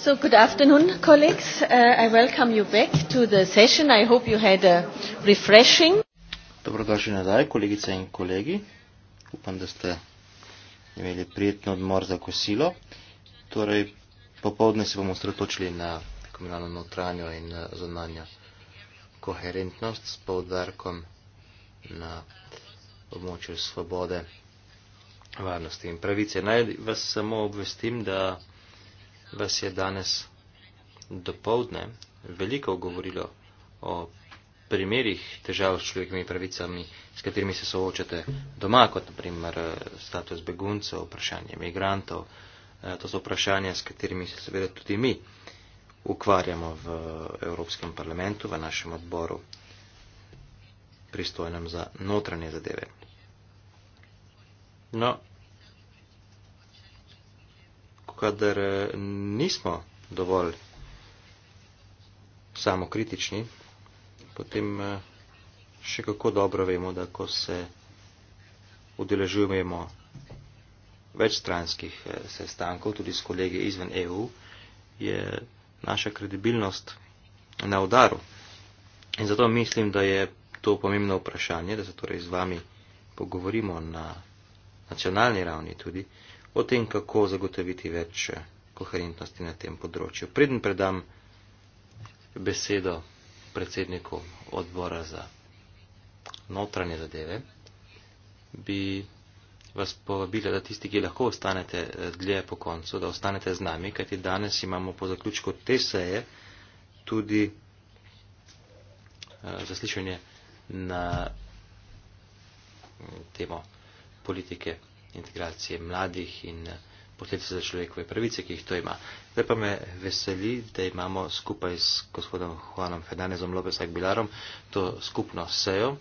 So good afternoon, colleagues. Uh, I welcome you back to the session. I hope you had a refreshing. Dobrodošli nazaj, kolegice in kolegi. Upam, da ste imeli prijetno odmor za kosilo. Torej, popovdne se bomo sretočili na komunalno notranjo in uh, zonanjo koherentnost s povdarkom na območju svobode, varnosti in pravice. Naj vas samo obvestim, da vas je danes dopoldne veliko govorilo o primerih težav s človekovimi pravicami, s katerimi se soočate doma, kot naprimer eh, status beguncev, vprašanje imigrantov. Eh, to so vprašanja, s katerimi se seveda tudi mi ukvarjamo v eh, Evropskem parlamentu, v našem odboru, pristojnem za notranje zadeve. No, kadar eh, nismo dovolj samokritični, potem eh, še kako dobro vemo, da ko se udeležujemo večstranskih eh, sestankov, tudi s kolege izven EU, je naša kredibilnost na udaru. In zato mislim, da je to pomembno vprašanje, da se torej z vami pogovorimo na nacionalni ravni tudi, o tem, kako zagotoviti več eh, koherentnosti na tem področju. Preden predam besedo predsedniku odbora za notranje zadeve, bi vas povabila, da tisti, ki lahko ostanete eh, dlje po koncu, da ostanete z nami, kajti danes imamo po zaključku te seje tudi eh, zaslišanje na mm, temo politike integracije mladih in eh, potencija za človekove pravice, ki jih to ima. Zdaj pa me veseli, da imamo skupaj s gospodom Juanom Fernandezom Lopez Aguilarom to skupno sejo.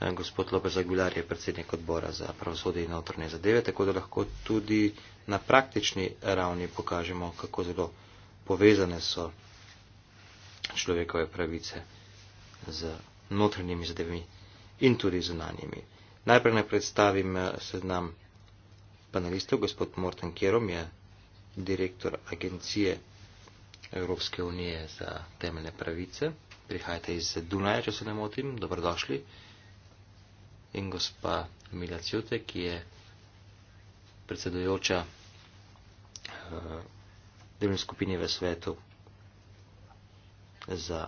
Eh, gospod Lopez Aguilar je predsednik odbora za pravosodje in notrne zadeve, tako da lahko tudi na praktični ravni pokažemo, kako zelo povezane so človekove pravice z notrnjimi zadevami in tudi zunanjimi. Najprej ne predstavim eh, seznam panelistov, gospod Morten Kjerom je direktor agencije Evropske unije za temeljne pravice. Prihajate iz Dunaja, če se ne motim, dobrodošli. In gospa Mila Ciute, ki je predsedujoča uh, delovne skupine v svetu za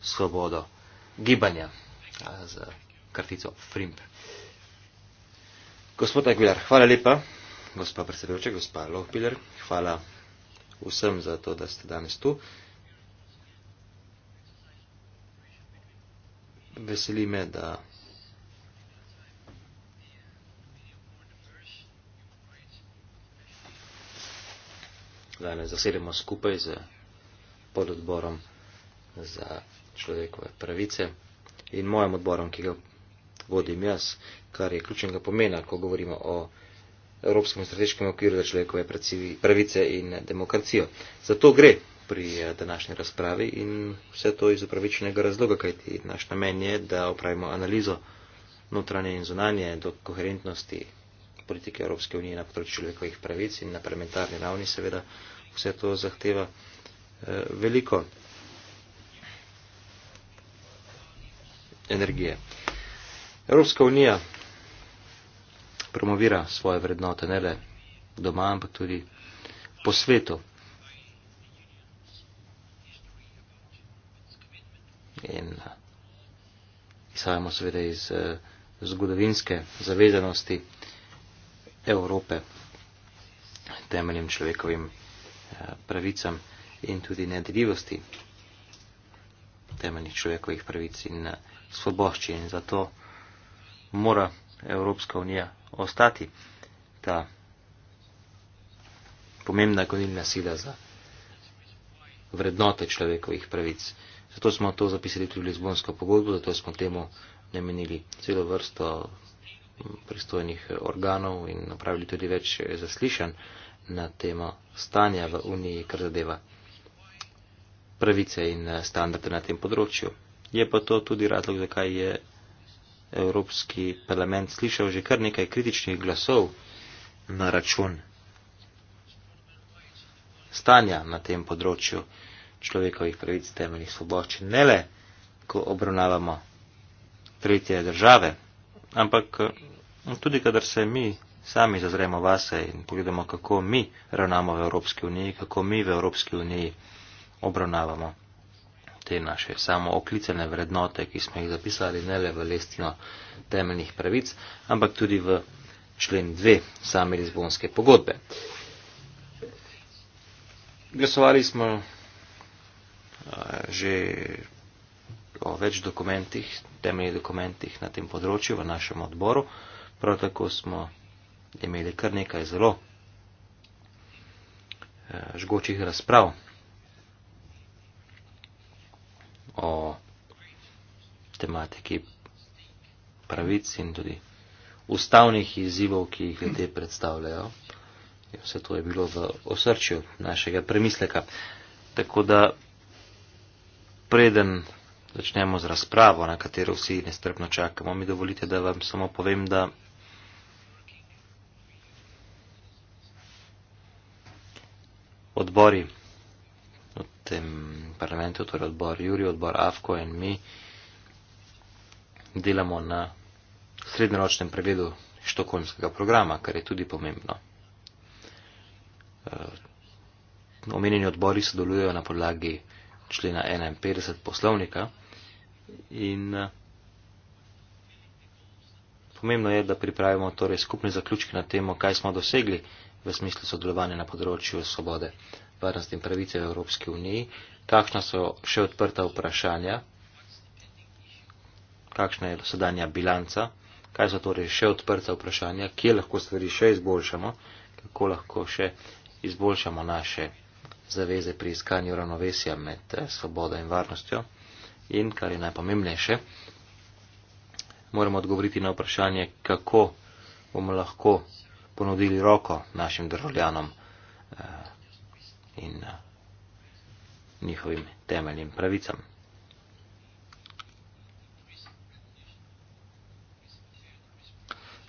svobodo gibanja uh, z kartico FRIMP. Gospod Aguilar, hvala lepa gospa predsedujoča, gospa Lohpiler, hvala vsem za to, da ste danes tu. Veseli me, da danes zasedemo skupaj z pododborom za človekove pravice in mojim odborom, ki ga vodim jaz, kar je ključnega pomena, ko govorimo o Evropskem strateškem okviru za človekove pravice in demokracijo. Zato gre pri eh, današnji razpravi in vse to iz upravičenega razloga, kajti naš namen je, da opravimo analizo notranje in zunanje do koherentnosti politike Evropske unije na področju človekovih pravic in na parlamentarni ravni seveda vse to zahteva eh, veliko energije. Evropska unija promovira svoje vrednote, ne le doma, ampak tudi po svetu. In eh, izhajamo seveda iz eh, zgodovinske zavezanosti Evrope temeljem človekovim eh, pravicam in tudi nedeljivosti temeljnih človekovih pravic in svoboščin. Zato mora Evropska unija ostati ta pomembna gonilna sila za vrednote človekovih pravic. Zato smo to zapisali tudi v Lizbonsko pogodbo, zato smo temu namenili celo vrsto pristojnih organov in napravili tudi več zaslišanj na temo stanja v Uniji, kar zadeva pravice in standarde na tem področju. Je pa to tudi razlog, zakaj je Evropski parlament slišal že kar nekaj kritičnih glasov na račun stanja na tem področju človekovih pravic temeljnih svoboščin. Ne le, ko obravnavamo tretje države, ampak eh, tudi, kadar se mi sami zazremo vase in pogledamo, kako mi ravnamo v Evropski uniji, kako mi v Evropski uniji obravnavamo te naše samooklicene vrednote, ki smo jih zapisali ne le v lestino temeljnih pravic, ampak tudi v člen 2 same Lizbonske pogodbe. Glasovali smo eh, že o več dokumentih, temeljnih dokumentih na tem področju v našem odboru. Prav tako smo imeli kar nekaj zelo eh, žgočih razprav o tematiki pravic in tudi ustavnih izzivov, ki jih ljudje predstavljajo. Ja, vse to je bilo v osrčju našega premisleka. Tako da, preden začnemo z razpravo, na katero vsi nestrpno čakamo, mi dovolite, da vam samo povem, da odbori tem parlamentu, torej odbor Juri, odbor Afko in mi delamo na srednjeročnem pregledu štokholmskega programa, kar je tudi pomembno. Eh, omenjeni odbori sodelujejo na podlagi člena 51 poslovnika in eh, pomembno je, da pripravimo torej skupne zaključke na temo, kaj smo dosegli v smislu sodelovanja na področju svobode varnosti in pravice v Evropski uniji, kakšna so še odprta vprašanja, kakšna je sedanja bilanca, kaj so torej še odprta vprašanja, kje lahko stvari še izboljšamo, kako lahko še izboljšamo naše zaveze pri iskanju ravnovesja med eh, svobodo in varnostjo in, kar je najpomembnejše, moramo odgovoriti na vprašanje, kako bomo lahko ponudili roko našim državljanom eh, in eh, njihovim temeljnim pravicam.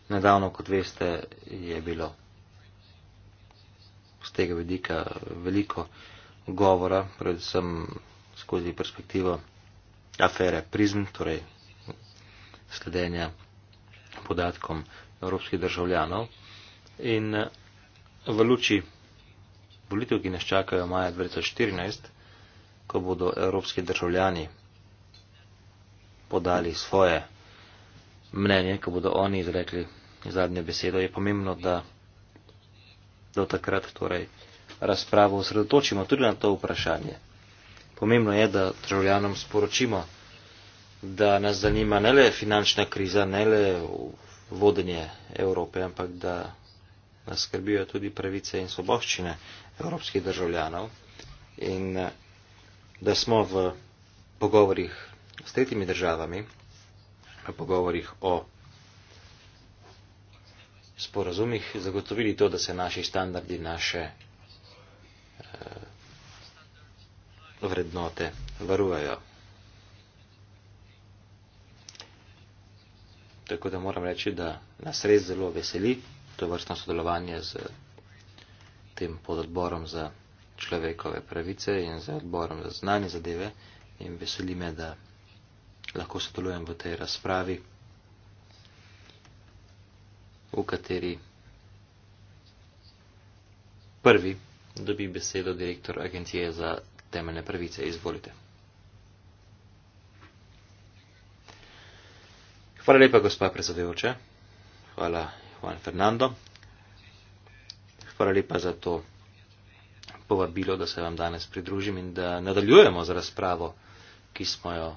Nedavno, kot veste, je bilo z tega vidika veliko govora, predvsem skozi perspektivo afere Prizn, torej sledenja podatkom evropskih državljanov. In eh, v luči Volitev, ki nas čakajo maja 2014, ko bodo evropski državljani podali svoje mnenje, ko bodo oni izrekli zadnjo besedo, je pomembno, da do takrat torej razpravo osredotočimo tudi na to vprašanje. Pomembno je, da državljanom sporočimo, da nas zanima ne le finančna kriza, ne le vodenje Evrope, ampak da nas skrbijo tudi pravice in svoboščine evropskih državljanov in eh, da smo v pogovorih s tretjimi državami, v pogovorih o sporazumih zagotovili to, da se naši standardi, naše eh, vrednote varujejo. Tako da moram reči, da nas res zelo veseli to vrstno sodelovanje z tem pododborom za človekove pravice in za odborom za znanje zadeve in veseli me, da lahko sodelujem v tej razpravi, v kateri prvi dobi besedo direktor Agencije za temeljne pravice. Izvolite. Hvala lepa, gospa predsedujoča. Hvala, Juan Fernando. Hvala lepa za to povabilo, da se vam danes pridružim in da nadaljujemo z razpravo, ki smo jo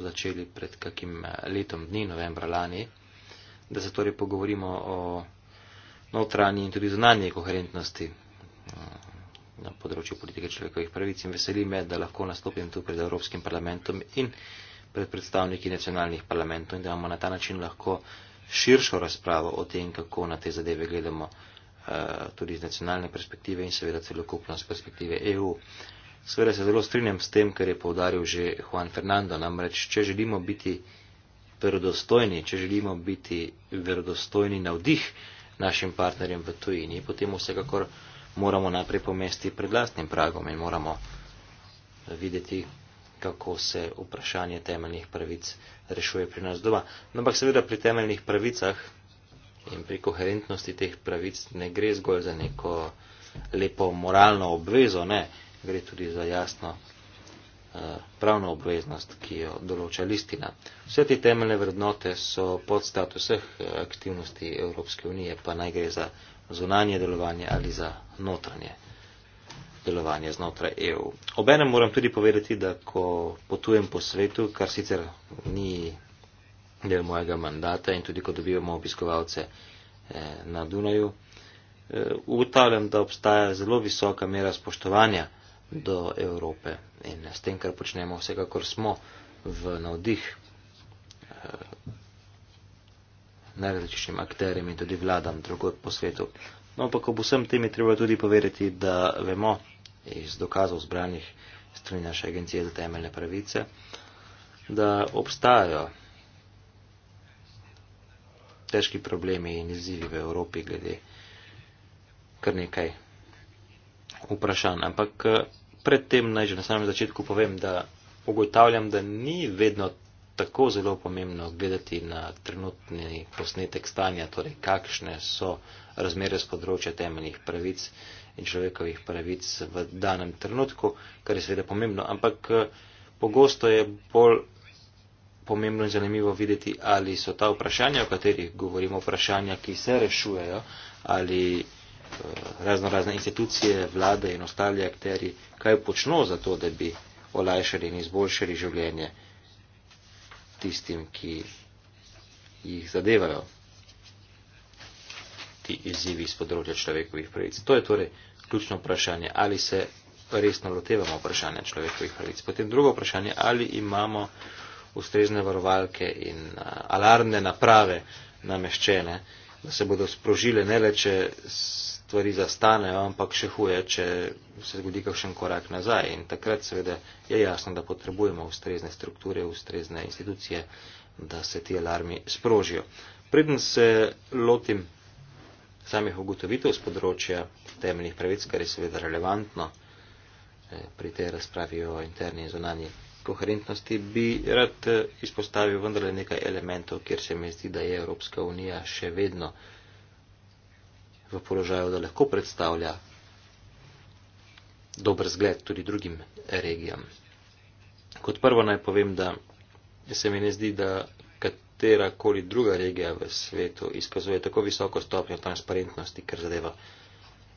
začeli pred kakim eh, letom dni, novembra lani, da se torej pogovorimo o notranji in tudi zunanji koherentnosti eh, na področju politike človekovih pravic in veseli me, da lahko nastopim tu pred Evropskim parlamentom in pred predstavniki nacionalnih parlamentov in da imamo na ta način lahko širšo razpravo o tem, kako na te zadeve gledamo Eh, tudi iz nacionalne perspektive in seveda celokupno z perspektive EU. Seveda se zelo strinjam s tem, kar je povdaril že Juan Fernando, namreč, če želimo biti verodostojni, če želimo biti verodostojni na vdih našim partnerjem v tujini, potem vsekakor moramo najprej pomesti pred lastnim pragom in moramo videti, kako se vprašanje temeljnih pravic rešuje pri nas doma. No, ampak seveda pri temeljnih pravicah In pri koherentnosti teh pravic ne gre zgolj za neko lepo moralno obvezo, ne, gre tudi za jasno eh, pravno obveznost, ki jo določa listina. Vse te temeljne vrednote so podstat vseh eh, aktivnosti Evropske unije, pa naj gre za zunanje delovanje ali za notranje delovanje znotraj EU. Obenem moram tudi povedati, da ko potujem po svetu, kar sicer ni del mojega mandata in tudi ko dobivamo obiskovalce eh, na Dunaju. Eh, ugotavljam, da obstaja zelo visoka mera spoštovanja do Evrope in s tem, kar počnemo, vsekakor smo v navdih eh, najrazličnim akterjem in tudi vladam drugod po svetu. No, ampak ob vsem tem je treba tudi povedati, da vemo iz dokazov zbranih strani naše agencije za temeljne pravice, da obstajajo težki problemi in izzivi v Evropi glede kar nekaj vprašanj. Ampak eh, predtem naj že na samem začetku povem, da ugotavljam, da ni vedno tako zelo pomembno gledati na trenutni posnetek stanja, torej kakšne so razmere z področja temeljnih pravic in človekovih pravic v danem trenutku, kar je seveda pomembno, ampak eh, pogosto je bolj pomembno in zanimivo videti, ali so ta vprašanja, o katerih govorimo, vprašanja, ki se rešujejo, ali eh, razno razne institucije, vlade in ostali akteri, kaj počno za to, da bi olajšali in izboljšali življenje tistim, ki jih zadevajo ti izzivi iz področja človekovih pravic. To je torej ključno vprašanje, ali se resno lotevamo vprašanja človekovih pravic. Potem drugo vprašanje, ali imamo ustrezne varovalke in alarmne naprave nameščene, da se bodo sprožile ne le, če stvari zastanejo, ampak še huje, če se zgodi kakšen korak nazaj. In takrat seveda je jasno, da potrebujemo ustrezne strukture, ustrezne institucije, da se ti alarmi sprožijo. Preden se lotim samih ugotovitev z področja temeljnih pravic, kar je seveda relevantno eh, pri tej razpravi o interni in zonanji koherentnosti bi rad eh, izpostavil vendarle nekaj elementov, kjer se mi zdi, da je Evropska unija še vedno v položaju, da lahko predstavlja dober zgled tudi drugim regijam. Kot prvo naj povem, da se mi ne zdi, da katera koli druga regija v svetu izkazuje tako visoko stopnjo transparentnosti, ker zadeva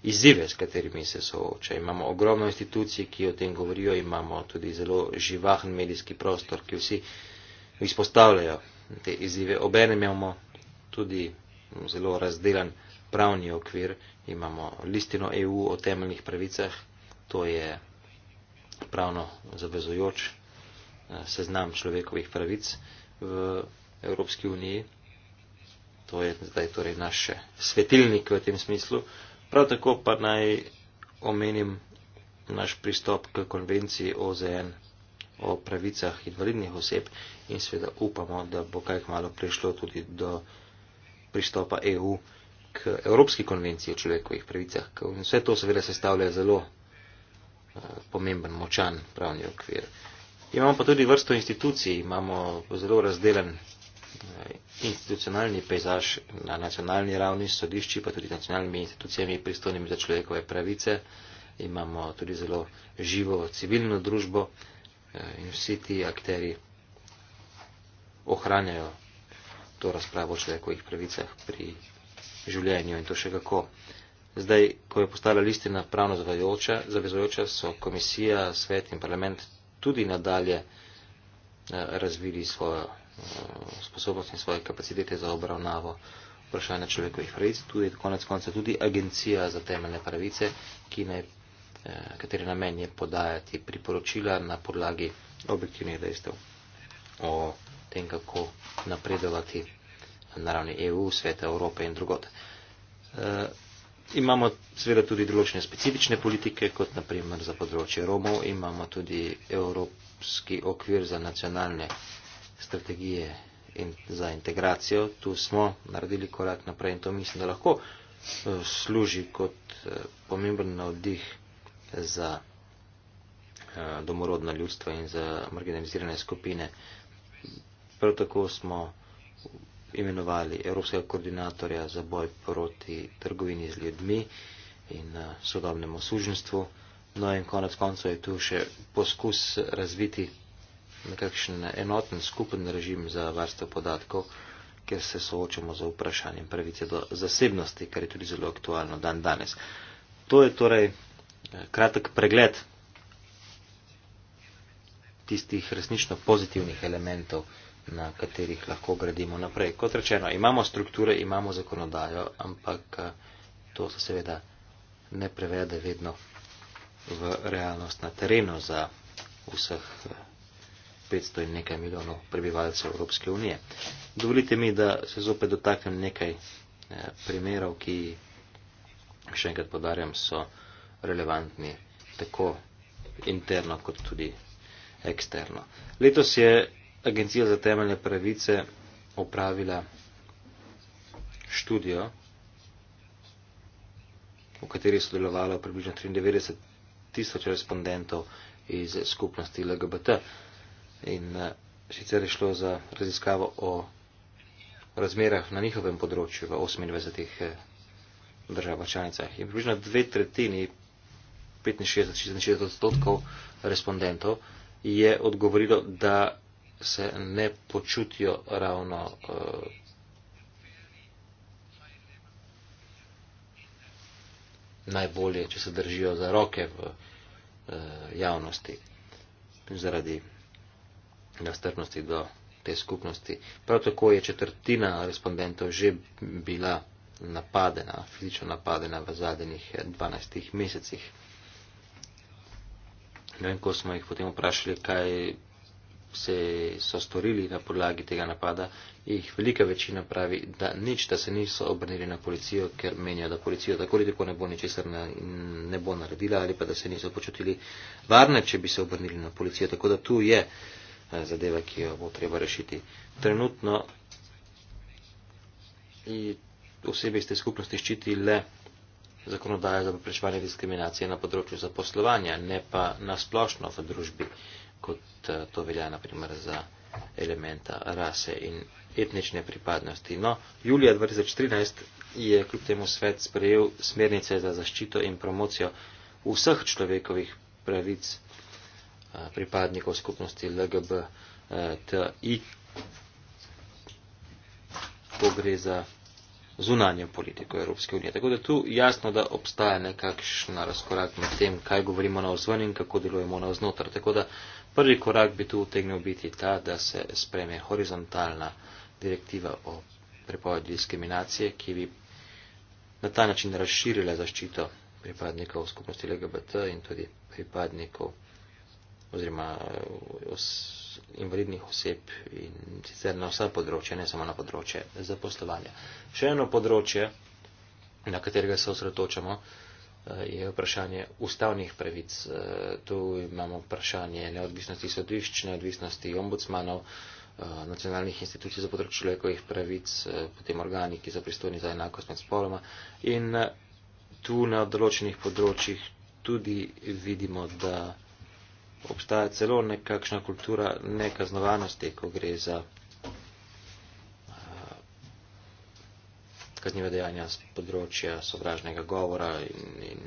izzive, s katerimi se sooča. Imamo ogromno institucij, ki o tem govorijo, imamo tudi zelo živahen medijski prostor, ki vsi izpostavljajo te izzive. Obenem imamo tudi zelo razdelan pravni okvir, imamo listino EU o temeljnih pravicah, to je pravno zavezujoč eh, seznam človekovih pravic v Evropski uniji. To je zdaj torej naš svetilnik v tem smislu. Prav tako pa naj omenim naš pristop k konvenciji OZN o pravicah invalidnih oseb in seveda upamo, da bo kaj malo prišlo tudi do pristopa EU k Evropski konvenciji o človekovih pravicah. Vse to seveda sestavlja zelo eh, pomemben, močan pravni okvir. Imamo pa tudi vrsto institucij, imamo zelo razdelen institucionalni pejzaž na nacionalni ravni, sodišči pa tudi nacionalnimi institucijami pristojnimi za človekove pravice. Imamo tudi zelo živo civilno družbo eh, in vsi ti akteri ohranjajo to razpravo o človekovih pravicah pri življenju in to še kako. Zdaj, ko je postala listina pravno zavajoča, zavezojoča, so komisija, svet in parlament tudi nadalje eh, razvili svojo sposobnosti in svoje kapacitete za obravnavo vprašanja človekovih pravic, tudi konec konca tudi agencija za temeljne pravice, ki ne, eh, kateri namen je podajati priporočila na podlagi objektivnih dejstev o tem, kako napredovati na ravni EU, sveta Evrope in drugot. E, imamo seveda tudi določene specifične politike, kot naprimer za področje Romov, imamo tudi evropski okvir za nacionalne strategije in za integracijo. Tu smo naredili korak naprej in to mislim, da lahko eh, služi kot eh, pomemben navdih za eh, domorodno ljudstvo in za marginalizirane skupine. Prav tako smo imenovali Evropskega koordinatorja za boj proti trgovini z ljudmi in sodobnemu suženstvu. No in konec koncev je tu še poskus razviti nekakšen enoten skupen režim za varstvo podatkov, kjer se soočamo z vprašanjem pravice do zasebnosti, kar je tudi zelo aktualno dan danes. To je torej eh, kratek pregled tistih resnično pozitivnih elementov, na katerih lahko gradimo naprej. Kot rečeno, imamo strukture, imamo zakonodajo, ampak eh, to se seveda ne prevede vedno v realnost na terenu za vseh eh, 500 in nekaj milijonov prebivalcev Evropske unije. Dovolite mi, da se zopet dotaknem nekaj eh, primerov, ki, še enkrat podarjam, so relevantni tako interno kot tudi eksterno. Letos je Agencija za temeljne pravice opravila študijo, v kateri je sodelovalo približno 93 tisoč respondentov iz skupnosti LGBT. In eh, sicer je šlo za raziskavo o razmerah na njihovem področju v 28 eh, državah članicah. In približno dve tretjini, 65-66 odstotkov respondentov je odgovorilo, da se ne počutijo ravno uh, najbolje, če se držijo za roke v uh, javnosti zaradi na strpnosti do te skupnosti. Prav tako je četrtina respondentov že bila napadena, fizično napadena v zadnjih 12 mesecih. Ne vem, ko smo jih potem vprašali, kaj se so storili na podlagi tega napada, jih velika večina pravi, da nič, da se niso obrnili na policijo, ker menijo, da policijo tako ali tako ne bo ničesar ne, ne bo naredila ali pa da se niso počutili varne, če bi se obrnili na policijo. Tako da tu je uh, Eh, zadeva, ki jo bo treba rešiti. Trenutno osebe iz te skupnosti ščiti le zakonodaja za preprečevanje diskriminacije na področju zaposlovanja, ne pa nasplošno v družbi, kot eh, to velja naprimer za elementa rase in etnične pripadnosti. No, julija 2013 je kljub temu svet sprejel smernice za zaščito in promocijo vseh človekovih pravic. Eh, pripadnikov skupnosti LGBTI, ko gre za zunanje politiko Evropske unije. Tako da tu jasno, da obstaja nekakšna razkorak med tem, kaj govorimo na vzven in kako delujemo na vznotr. Tako da prvi korak bi tu utegnil biti ta, da se spreme horizontalna direktiva o prepovedi diskriminacije, ki bi na ta način razširila zaščito pripadnikov skupnosti LGBT in tudi pripadnikov oziroma os, invalidnih oseb in sicer na vsa področja, ne samo na področje zaposlovanja. Še eno področje, na katerega se osredotočamo, eh, je vprašanje ustavnih pravic. Eh, tu imamo vprašanje neodvisnosti sodišč, neodvisnosti ombudsmanov, eh, nacionalnih institucij za področje človekovih pravic, potem organi, ki so pristojni za enakost med spoloma. In tu na določenih področjih tudi vidimo, da obstaja celo nekakšna kultura nekaznovanosti, ko gre za eh, kazniva dejanja z področja sovražnega govora in, in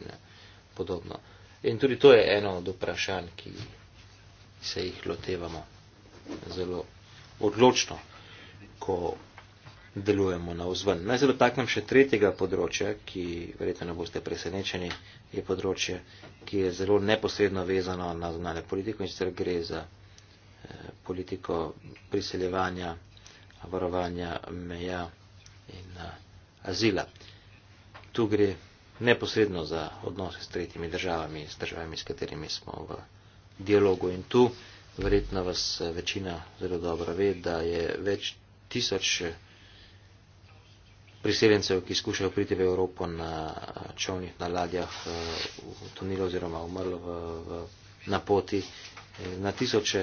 podobno. In tudi to je eno od vprašanj, ki se jih lotevamo zelo odločno, ko delujemo na vzven. Naj se dotaknem še tretjega področja, ki verjetno ne boste presenečeni, je področje, ki je zelo neposredno vezano na zunanje politiko in sicer gre za eh, politiko priseljevanja, varovanja meja in eh, azila. Tu gre neposredno za odnose s tretjimi državami, s državami, s katerimi smo v dialogu in tu verjetno vas eh, večina zelo dobro ve, da je več tisoč priseljencev, ki skušajo priti v Evropo na čovnih, na ladjah, eh, utonilo oziroma umrlo v, v, na poti, eh, na tisoče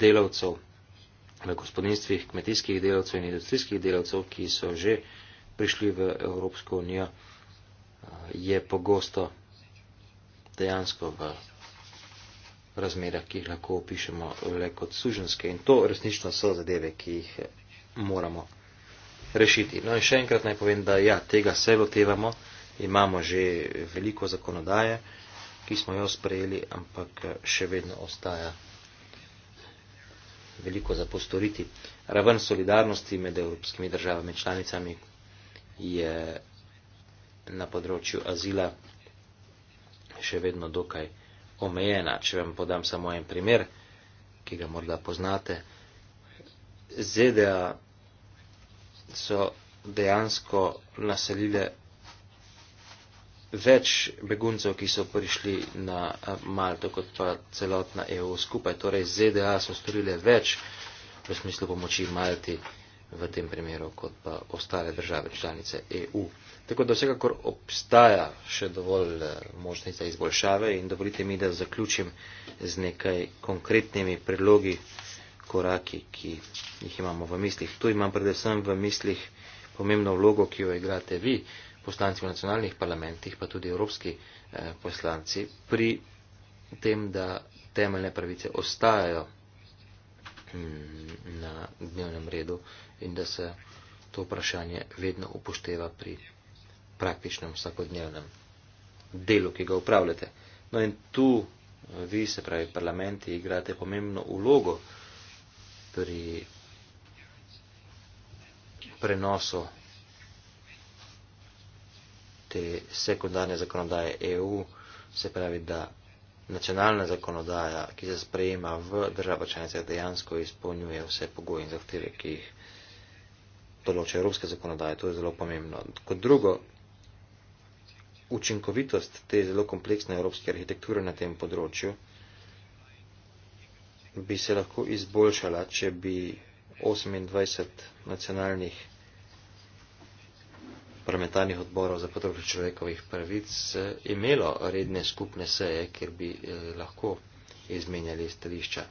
delavcev v gospodinstvih, kmetijskih delavcev in industrijskih delavcev, ki so že prišli v Evropsko unijo, eh, je pogosto dejansko v razmerah, ki jih lahko opišemo le kot suženske. In to resnično so zadeve, ki jih moramo rešiti. No in še enkrat naj povem, da ja, tega se lotevamo, imamo že veliko zakonodaje, ki smo jo sprejeli, ampak eh, še vedno ostaja veliko za postoriti. Raven solidarnosti med evropskimi državami članicami je na področju azila še vedno dokaj omejena. Če vam podam samo en primer, ki ga morda poznate, ZDA so dejansko naselile več beguncev, ki so prišli na eh, Malto, kot pa celotna EU skupaj. Torej ZDA so storile več v smislu pomoči Malti v tem primeru, kot pa ostale države članice EU. Tako da vsekakor obstaja še dovolj eh, možnosti za izboljšave in dovolite mi, da zaključim z nekaj konkretnimi predlogi koraki, ki jih imamo v mislih. Tu imam predvsem v mislih pomembno vlogo, ki jo igrate vi, poslanci v nacionalnih parlamentih, pa tudi evropski eh, poslanci, pri tem, da temeljne pravice ostajajo mm, na dnevnem redu in da se to vprašanje vedno upošteva pri praktičnem vsakodnevnem delu, ki ga upravljate. No in tu eh, vi, se pravi parlamenti, igrate pomembno vlogo eh, pri prenosu te sekundarne zakonodaje EU, se pravi, da nacionalna zakonodaja, ki se sprejema v država članicah, dejansko izpolnjuje vse pogoje in zahteve, ki jih določa evropske zakonodaje. To je zelo pomembno. Kot drugo, učinkovitost te zelo kompleksne evropske arhitekture na tem področju bi se lahko izboljšala, če bi 28 nacionalnih parlamentarnih odborov za področje človekovih pravic eh, imelo redne skupne seje, kjer bi eh, lahko izmenjali stališča.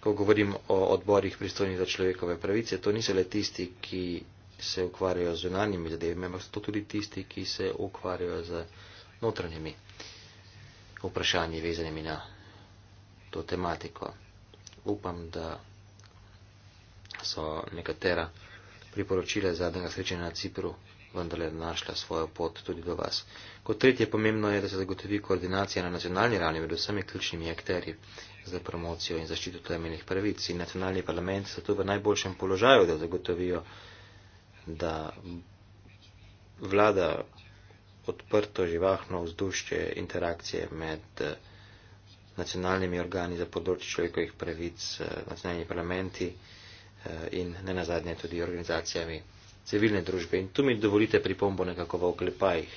Ko govorim o odborih pristojnih za človekove pravice, to niso le tisti, ki se ukvarjajo z zunanjimi zadevami, ampak so to tudi tisti, ki se ukvarjajo z notranjimi vprašanji vezanimi na to tematiko. Upam, da so nekatera priporočila zadnjega srečanja na Cipru vendarle našla svojo pot tudi do vas. Kot tretje pomembno je, da se zagotovi koordinacija na nacionalni ravni med vsemi ključnimi akterji za promocijo in zaščito temeljnih pravic. In nacionalni parlament so tu v najboljšem položaju, da zagotovijo, da vlada odprto živahno vzdušče interakcije med. Eh, nacionalnimi organi za področje človekovih pravic, eh, nacionalnimi parlamenti eh, in ne nazadnje tudi organizacijami civilne družbe. In tu mi dovolite pripombo nekako v oklepajih.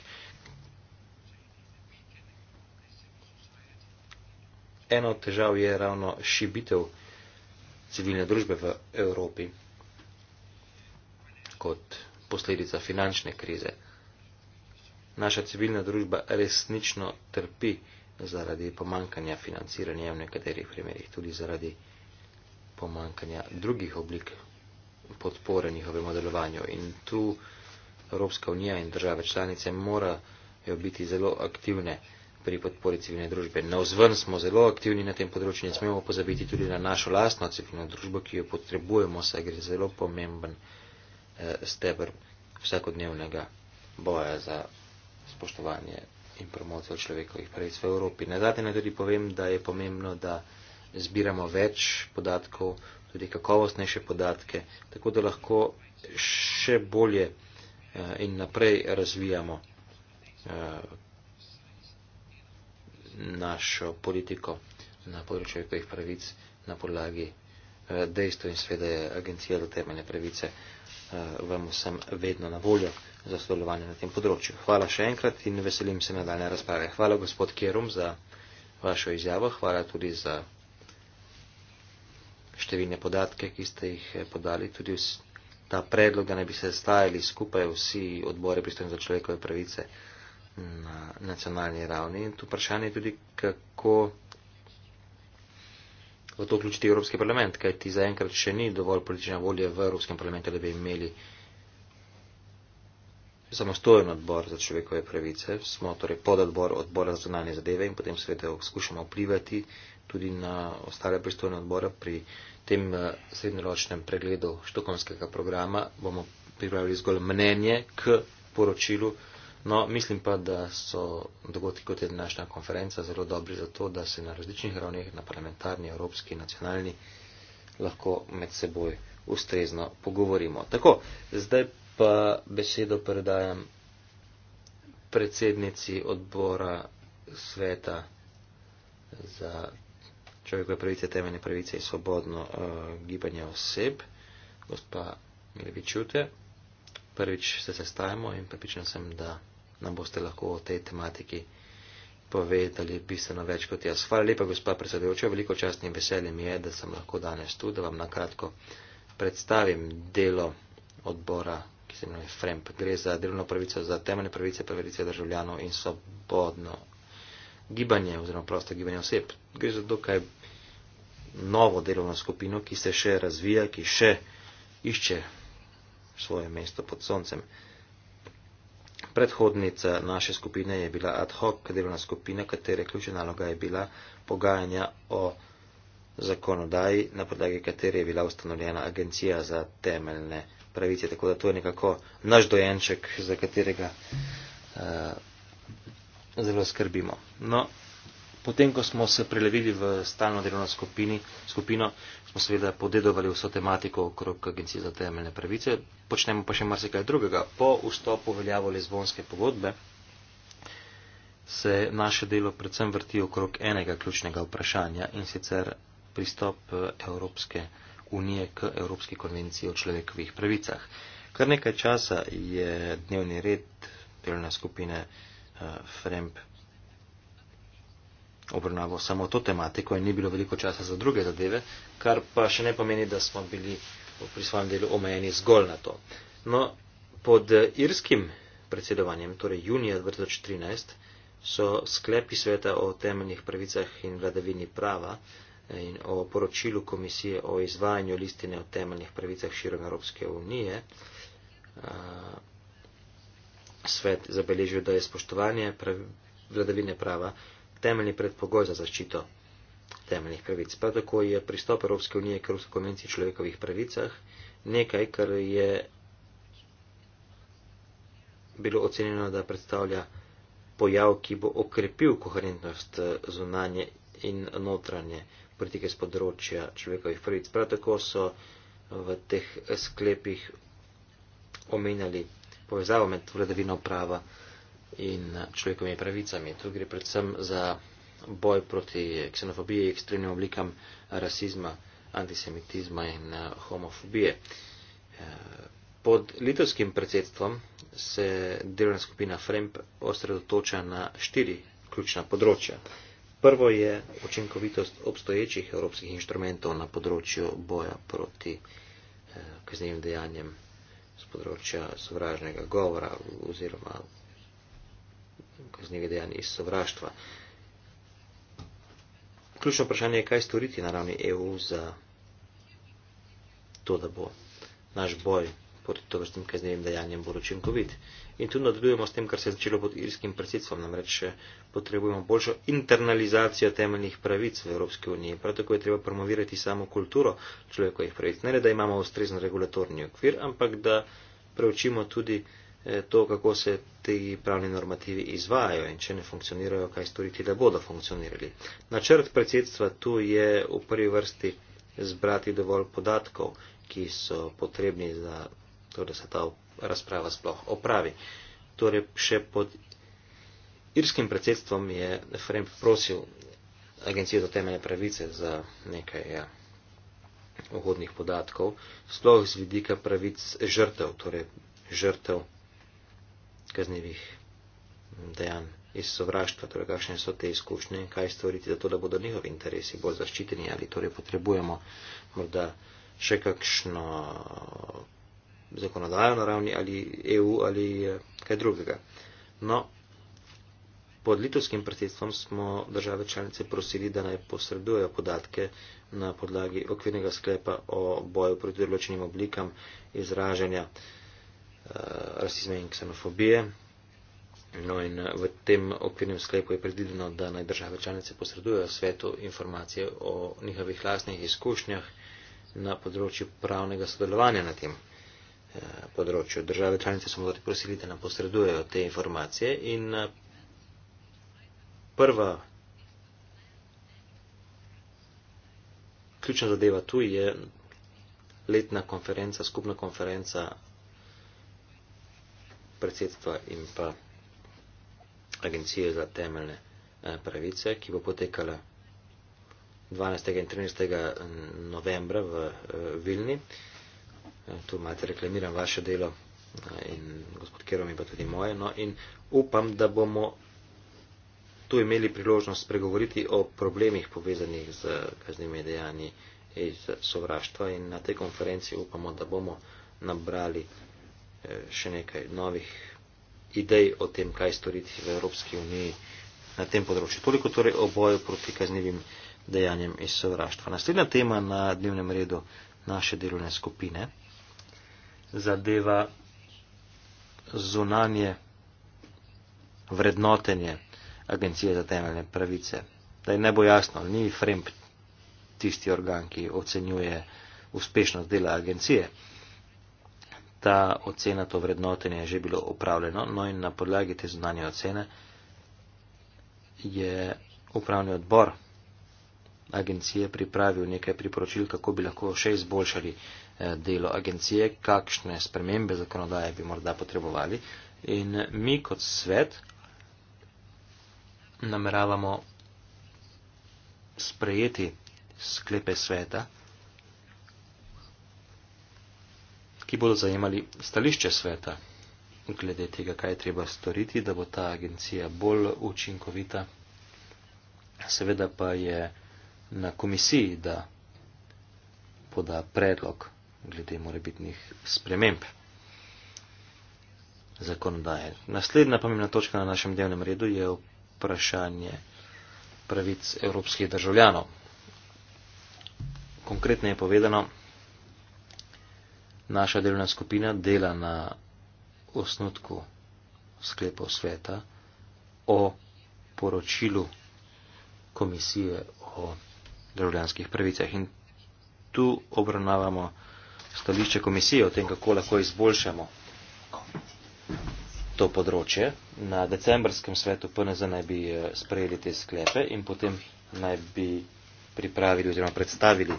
Eno od težav je ravno šibitev civilne družbe v Evropi kot posledica finančne krize. Naša civilna družba resnično trpi zaradi pomankanja financiranja, v nekaterih primerjih tudi zaradi pomankanja drugih oblik podpore njihovemu delovanju. In tu Evropska unija in države članice morajo biti zelo aktivne pri podpori civilne družbe. Na vzven smo zelo aktivni na tem področju, ne smemo pozabiti tudi na našo lastno civilno družbo, ki jo potrebujemo, saj gre zelo pomemben eh, stebr vsakodnevnega boja za spoštovanje in promocijo človekovih pravic v Evropi. Nazadnje naj tudi povem, da je pomembno, da zbiramo več podatkov, tudi kakovostnejše podatke, tako da lahko še bolje eh, in naprej razvijamo eh, našo politiko na področju človekovih pravic na podlagi eh, dejstva in sveda je agencija za temeljne pravice vam vsem vedno na voljo za sodelovanje na tem področju. Hvala še enkrat in veselim se nadaljne razprave. Hvala gospod Kerum za vašo izjavo, hvala tudi za številne podatke, ki ste jih eh, podali, tudi ta predlog, da ne bi se stajali skupaj vsi odbore pristojne za človekove pravice na nacionalni ravni. In tu vprašanje je tudi, kako v to vključiti Evropski parlament, kajti zaenkrat še ni dovolj politična volja v Evropskem parlamentu, da bi imeli samostojen odbor za človekove pravice, smo torej pododbor odbora za zunanje zadeve in potem seveda skušamo vplivati tudi na ostale pristojne odbore pri tem eh, srednjeročnem pregledu štokonskega programa. Bomo pripravili zgolj mnenje k poročilu, no mislim pa, da so dogodki kot je današnja konferenca zelo dobri za to, da se na različnih ravneh, na parlamentarni, evropski, nacionalni, lahko med seboj ustrezno pogovorimo. Tako, zdaj pa besedo predajam predsednici odbora sveta za človekove pravice, temeljne pravice in svobodno uh, gibanje oseb, gospa Milevičute. Prvič se sestajamo in prepričan sem, da nam boste lahko o tej tematiki povedali bistveno več kot jaz. Hvala lepa, gospa predsedujoča. Veliko čast in veselje mi je, da sem lahko danes tu, da vam nakratko predstavim delo odbora imenuje FREMP. Gre za delovno pravico, za temeljne pravice, pravice državljanov in svobodno gibanje oziroma prosto gibanje oseb. Gre za dokaj novo delovno skupino, ki se še razvija, ki še išče svoje mesto pod soncem. Predhodnica naše skupine je bila ad hoc delovna skupina, katere ključna naloga je bila pogajanja o zakonodaji, na podlagi katere je bila ustanovljena agencija za temeljne pravice pravice. Tako da to je nekako naš dojenček, za katerega uh, zelo skrbimo. No, potem, ko smo se prelevili v stalno delovno skupini, skupino, smo seveda podedovali vso tematiko okrog Agencije za temeljne pravice. Počnemo pa še marsikaj drugega. Po vstopu veljavo lezbonske pogodbe se naše delo predvsem vrti okrog enega ključnega vprašanja in sicer pristop eh, Evropske unije unije k Evropski konvenciji o človekovih pravicah. Kar nekaj časa je dnevni red delovne skupine uh, FREMP obravnaval samo to tematiko in ni bilo veliko časa za druge zadeve, kar pa še ne pomeni, da smo bili pri svojem delu omejeni zgolj na to. No, pod eh, irskim predsedovanjem, torej junija 2013, so sklepi sveta o temeljnih pravicah in vladavini prava uh, in o poročilu komisije o izvajanju listine o temeljnih pravicah širom Evropske unije. Svet zabeležil, da je spoštovanje prav, vladavine prava temeljni predpogoj za zaščito temeljnih pravic. Prav tako je pristop Evropske unije k Evropske konvenciji o človekovih pravicah nekaj, kar je bilo ocenjeno, da predstavlja pojav, ki bo okrepil koherentnost eh, zunanje in notranje uh, politike z področja človekovih pravic. Prav tako so v teh sklepih omenjali povezavo med vladavino prava in človekovimi pravicami. Tu gre predvsem za boj proti ksenofobiji, ekstremnim oblikam rasizma, antisemitizma in eh, homofobije. Eh, pod litovskim predsedstvom se delovna skupina FREMP osredotoča na štiri ključna področja. Prvo je učinkovitost obstoječih evropskih inštrumentov na področju boja proti eh, kaznjivim dejanjem z področja sovražnega govora oziroma kaznjivih dejanj iz sovraštva. Ključno vprašanje je, kaj storiti na ravni EU za to, da bo naš boj proti tovrstnim kaznevim dejanjem bolj učinkovit. In tu nadaljujemo s tem, kar se je začelo pod irskim predsedstvom, namreč eh, potrebujemo boljšo internalizacijo temeljnih pravic v Evropski uniji. Prav tako je treba promovirati samo kulturo človekovih pravic. Ne le, da imamo ustrezen regulatorni okvir, ampak da preučimo tudi eh, to, kako se ti pravni normativi izvajajo in če ne funkcionirajo, kaj storiti, da bodo funkcionirali. Načrt predsedstva tu je v prvi vrsti zbrati dovolj podatkov, ki so potrebni za to, da se ta razprava sploh opravi. Torej, še pod irskim predsedstvom je Frem prosil Agencijo za temeljne pravice za nekaj ja, ugodnih podatkov, sploh z vidika pravic žrtev, torej žrtev kaznevih dejanj iz sovraštva, torej kakšne so te izkušnje in kaj storiti, da to, da bodo njihovi interesi bolj zaščiteni ali torej potrebujemo morda še kakšno zakonodajo na ravni ali EU ali eh, kaj drugega. No, pod litovskim predsedstvom smo države članice prosili, da naj posredujejo podatke na podlagi okvirnega sklepa o boju proti določenim oblikam izražanja eh, rasizma in ksenofobije. No in eh, v tem okvirnem sklepu je predvideno, da naj države članice posredujejo svetu informacije o njihovih lastnih izkušnjah na področju pravnega sodelovanja na tem. Eh, področju. Države članice so morali prositi, da nam posredujejo te informacije in eh, prva ključna zadeva tu je letna konferenca, skupna konferenca predsedstva in pa agencije za temeljne eh, pravice, ki bo potekala 12. in 13. novembra v Vilni. Ja, tu malce reklamiram vaše delo in gospod Kerom je pa tudi moje. No, in upam, da bomo tu imeli priložnost pregovoriti o problemih povezanih z kaznimi dejanji iz sovraštva in na tej konferenci upamo, da bomo nabrali e, še nekaj novih idej o tem, kaj storiti v Evropski uniji na tem področju. Toliko torej o boju proti kaznivim dejanjem iz sovraštva. Naslednja tema na dnevnem redu naše delovne skupine zadeva zunanje vrednotenje Agencije za temeljne pravice. Da je ne bo jasno, ni FREMP tisti organ, ki ocenjuje uspešnost dela agencije. Ta ocena, to vrednotenje je že bilo opravljeno, no in na podlagi te zunanje ocene je upravni odbor agencije pripravil nekaj priporočil, kako bi lahko še izboljšali eh, delo agencije, kakšne spremembe zakonodaje bi morda potrebovali. In mi kot svet nameravamo sprejeti sklepe sveta, ki bodo zajemali stališče sveta glede tega, kaj je treba storiti, da bo ta agencija bolj učinkovita. Seveda pa je na komisiji, da poda predlog glede morebitnih sprememb zakonodaje. Naslednja pomembna točka na našem dnevnem redu je vprašanje pravic evropskih državljanov. Konkretno je povedano, naša delovna skupina dela na osnutku sklepov sveta o poročilu komisije o državljanskih pravicah. In tu obravnavamo stališče komisije o tem, kako lahko izboljšamo to področje. Na decembrskem svetu PNZ naj bi eh, sprejeli te sklepe in potem naj bi pripravili oziroma predstavili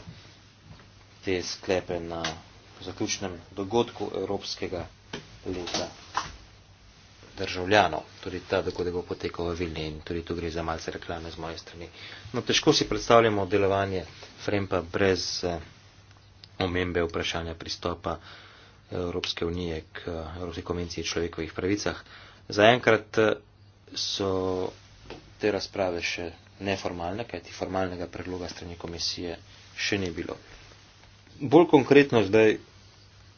te sklepe na zaključnem dogodku Evropskega leta 2020 državljanov. Tudi ta dogodek bo potekal v Vilni in tudi tu gre za malce reklame z moje strani. No, težko si predstavljamo delovanje Frempa brez eh, omembe vprašanja pristopa Evropske unije k eh, Evropski konvenciji o človekovih pravicah. Zaenkrat eh, so te razprave še neformalne, kajti formalnega predloga strani komisije še ni bilo. Bolj konkretno zdaj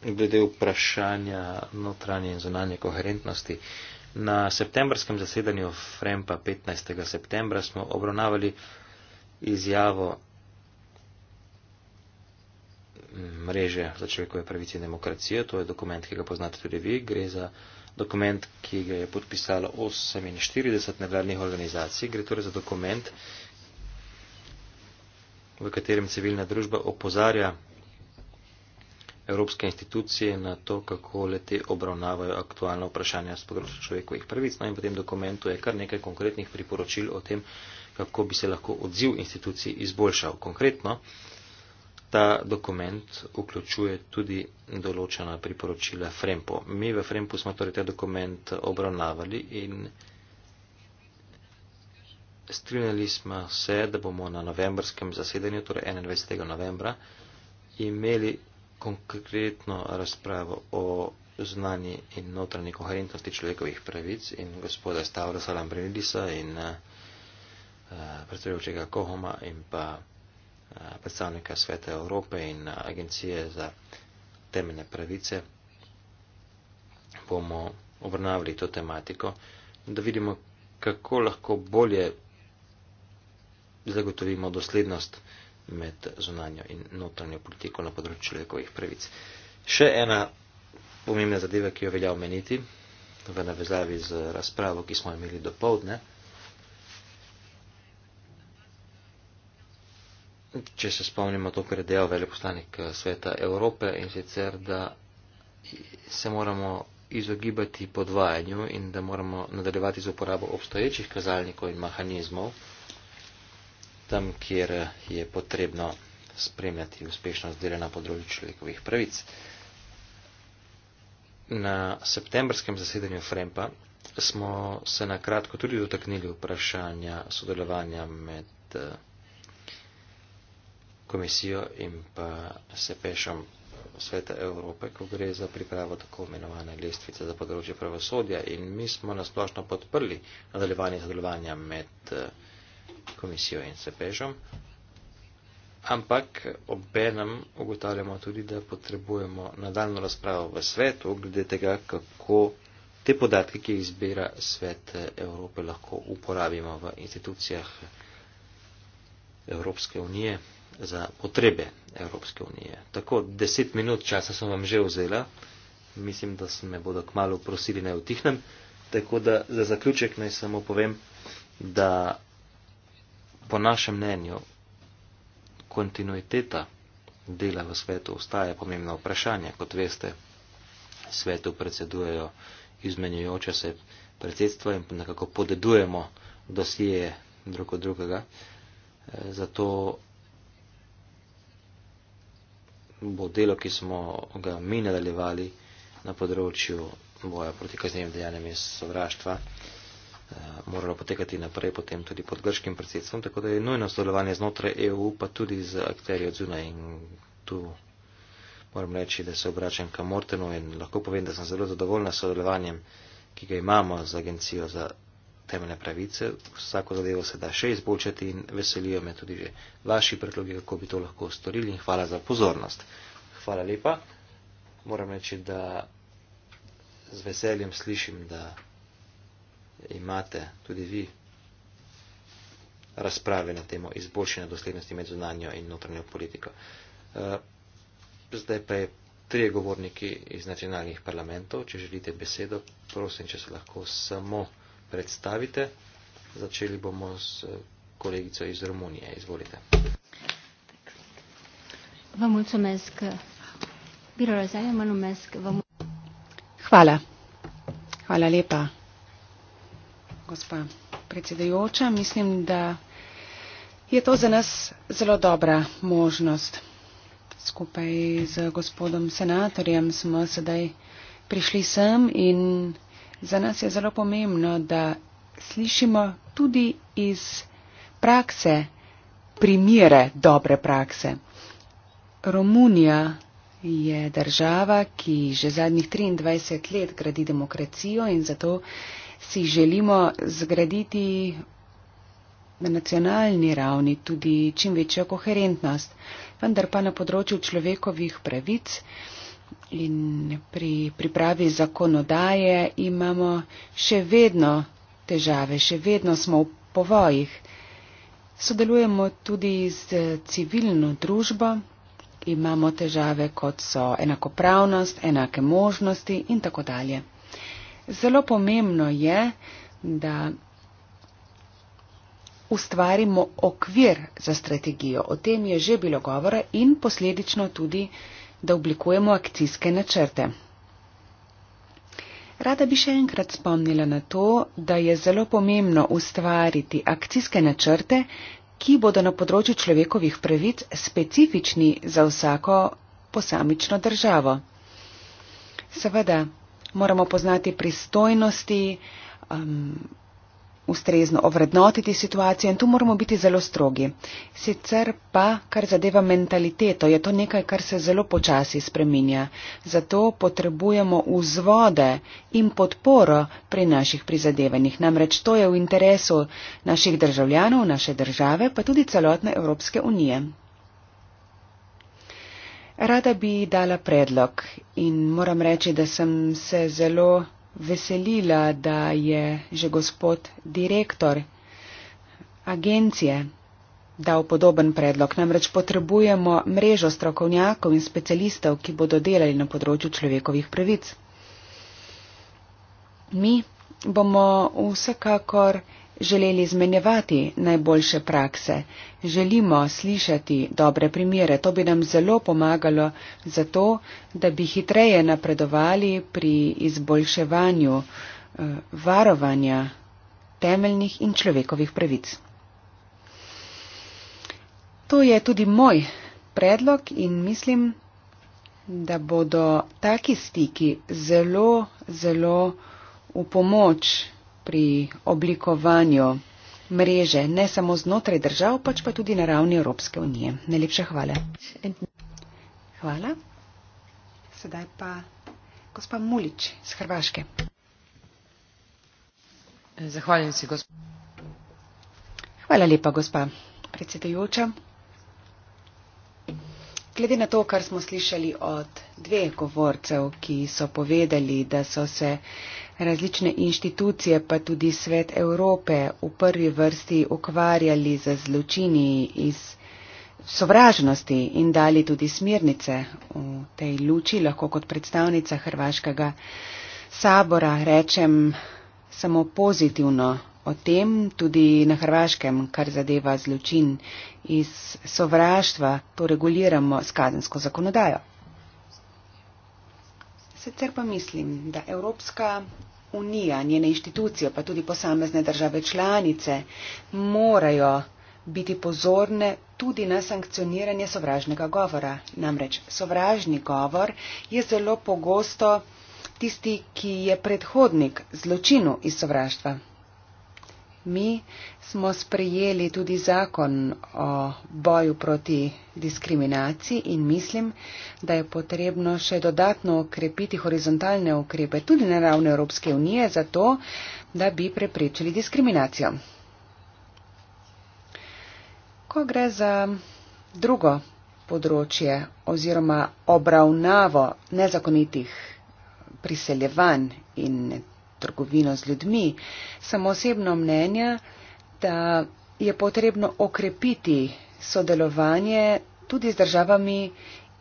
glede vprašanja notranje in zunanje koherentnosti. Na septembrskem zasedanju FREMPA 15. septembra smo obravnavali izjavo mreže za človekove pravice in demokracijo. To je dokument, ki ga poznate tudi vi. Gre za dokument, ki ga je podpisalo 48 nevladnih organizacij. Gre torej za dokument, v katerem civilna družba opozarja evropske institucije na to, kako lete obravnavajo aktualna vprašanja z področja človekovih prvic. No in v tem dokumentu je kar nekaj konkretnih priporočil o tem, kako bi se lahko odziv institucij izboljšal. Konkretno, ta dokument vključuje tudi določena priporočila FREMPO. Mi v FREMPO smo torej ta dokument obravnavali in strinjali smo se, da bomo na novembrskem zasedanju, torej 21. novembra, imeli konkretno razpravo o znanji in notranji koherentnosti človekovih pravic in gospoda Stavra Salambrinidisa in uh, predsedujočega Kohoma in pa uh, predstavnika Sveta Evrope in uh, Agencije za temeljne pravice bomo obravnavali to tematiko, da vidimo, kako lahko bolje zagotovimo doslednost uh, med zunanjo in notranjo politiko na področju človekovih pravic. Še ena pomembna zadeva, ki jo velja omeniti v navezavi z razpravo, ki smo imeli do povdne. Če se spomnimo to, kar je dejal veleposlanik eh, sveta Evrope in sicer, da se moramo izogibati podvajanju in da moramo nadaljevati z uporabo obstoječih kazalnikov in mehanizmov, tam, kjer je potrebno spremljati uspešnost dela na področju človekovih pravic. Na septembrskem zasedanju Frempa smo se nakratko tudi dotaknili vprašanja sodelovanja med eh, komisijo in pa sepešom Sveta Evrope, ko gre za pripravo tako imenovane lestvice za področje pravosodja in mi smo nasplošno podprli nadaljevanje sodelovanja med uh, komisijo in sepežom. Ampak obenem ugotavljamo tudi, da potrebujemo nadaljno razpravo v svetu glede tega, kako te podatke, ki jih izbira svet Evrope, lahko uporabimo v institucijah Evropske unije za potrebe Evropske unije. Tako, deset minut časa sem vam že vzela, mislim, da se me bodo kmalo prosili, naj utihnem. Tako da za zaključek naj samo povem, da po našem mnenju, kontinuiteta dela v svetu ostaje pomembno vprašanje. Kot veste, svetu predsedujejo izmenjujoče se predsedstva in nekako podedujemo dosije drug od drugega. Eh, zato bo delo, ki smo ga mi nadaljevali na področju boja proti kaznjem dejanjem in sovraštva, Eh, moralo potekati naprej potem tudi pod grškim predsedstvom, tako da je nujno sodelovanje znotraj EU, pa tudi z akterji odzuna in tu moram reči, da se obračam k Mortenu in lahko povem, da sem zelo zadovoljna s sodelovanjem, ki ga imamo z Agencijo za temeljne pravice. Vsako zadevo se da še izboljšati in veselijo me tudi že vaši predlogi, kako bi to lahko storili in hvala za pozornost. Hvala lepa. Moram reči, da z veseljem slišim, da imate tudi vi razprave na temo izboljšanja doslednosti med zunanjo in notranjo politiko. Eh, zdaj pa je trije govorniki iz nacionalnih parlamentov. Če želite besedo, prosim, če se lahko samo predstavite. Začeli bomo s eh, kolegico iz Romunije. Izvolite. Hvala. Hvala lepa gospa predsedajoča. Mislim, da je to za nas zelo dobra možnost. Skupaj z gospodom senatorjem smo sedaj prišli sem in za nas je zelo pomembno, da slišimo tudi iz prakse primere dobre prakse. Romunija je država, ki že zadnjih 23 let gradi demokracijo in zato si želimo zgraditi na nacionalni ravni tudi čim večjo koherentnost, vendar pa na področju človekovih pravic in pri pripravi zakonodaje imamo še vedno težave, še vedno smo v povojih. Sodelujemo tudi z civilno družbo, imamo težave kot so enakopravnost, enake možnosti in tako dalje. Zelo pomembno je, da ustvarimo okvir za strategijo. O tem je že bilo govora in posledično tudi, da oblikujemo akcijske načrte. Rada bi še enkrat spomnila na to, da je zelo pomembno ustvariti akcijske načrte, ki bodo na področju človekovih pravic specifični za vsako posamično državo. Seveda, moramo poznati pristojnosti, um, ustrezno ovrednotiti situacijo in tu moramo biti zelo strogi. Sicer pa, kar zadeva mentaliteto, je to nekaj, kar se zelo počasi spreminja. Zato potrebujemo vzvode in podporo pri naših prizadevanjih. Namreč to je v interesu naših državljanov, naše države, pa tudi celotne Evropske unije. Rada bi dala predlog in moram reči, da sem se zelo veselila, da je že gospod direktor agencije dal podoben predlog. Namreč potrebujemo mrežo strokovnjakov in specialistov, ki bodo delali na področju človekovih pravic. Mi bomo vsekakor želeli izmenjevati najboljše prakse, želimo slišati dobre primere. To bi nam zelo pomagalo za to, da bi hitreje napredovali pri izboljševanju eh, varovanja temeljnih in človekovih pravic. To je tudi moj predlog in mislim, da bodo taki stiki zelo, zelo v pomoč pri oblikovanju mreže, ne samo znotraj držav, pač pa tudi na ravni Evropske unije. Najlepša hvala. Hvala. Sedaj pa gospa Mulič iz Hrvaške. Zahvaljujem se, gospod. Hvala lepa, gospa predsedujoča. Glede na to, kar smo slišali od dveh govorcev, ki so povedali, da so se različne inštitucije, pa tudi svet Evrope v prvi vrsti ukvarjali za zločini iz sovražnosti in dali tudi smirnice v tej luči, lahko kot predstavnica Hrvaškega sabora rečem samo pozitivno o tem, tudi na Hrvaškem, kar zadeva zločin iz sovraštva, to reguliramo s kazensko zakonodajo. Sicer pa mislim, da Evropska unija, njene inštitucije, pa tudi posamezne države članice morajo biti pozorne tudi na sankcioniranje sovražnega govora. Namreč sovražni govor je zelo pogosto tisti, ki je predhodnik zločinu iz sovraštva. Mi smo sprejeli tudi zakon o boju proti diskriminaciji in mislim, da je potrebno še dodatno okrepiti horizontalne ukrepe tudi na ravni Evropske unije, zato da bi preprečili diskriminacijo. Ko gre za drugo področje oziroma obravnavo nezakonitih priseljevanj in trgovino z ljudmi. Samo osebno mnenje, da je potrebno okrepiti sodelovanje tudi z državami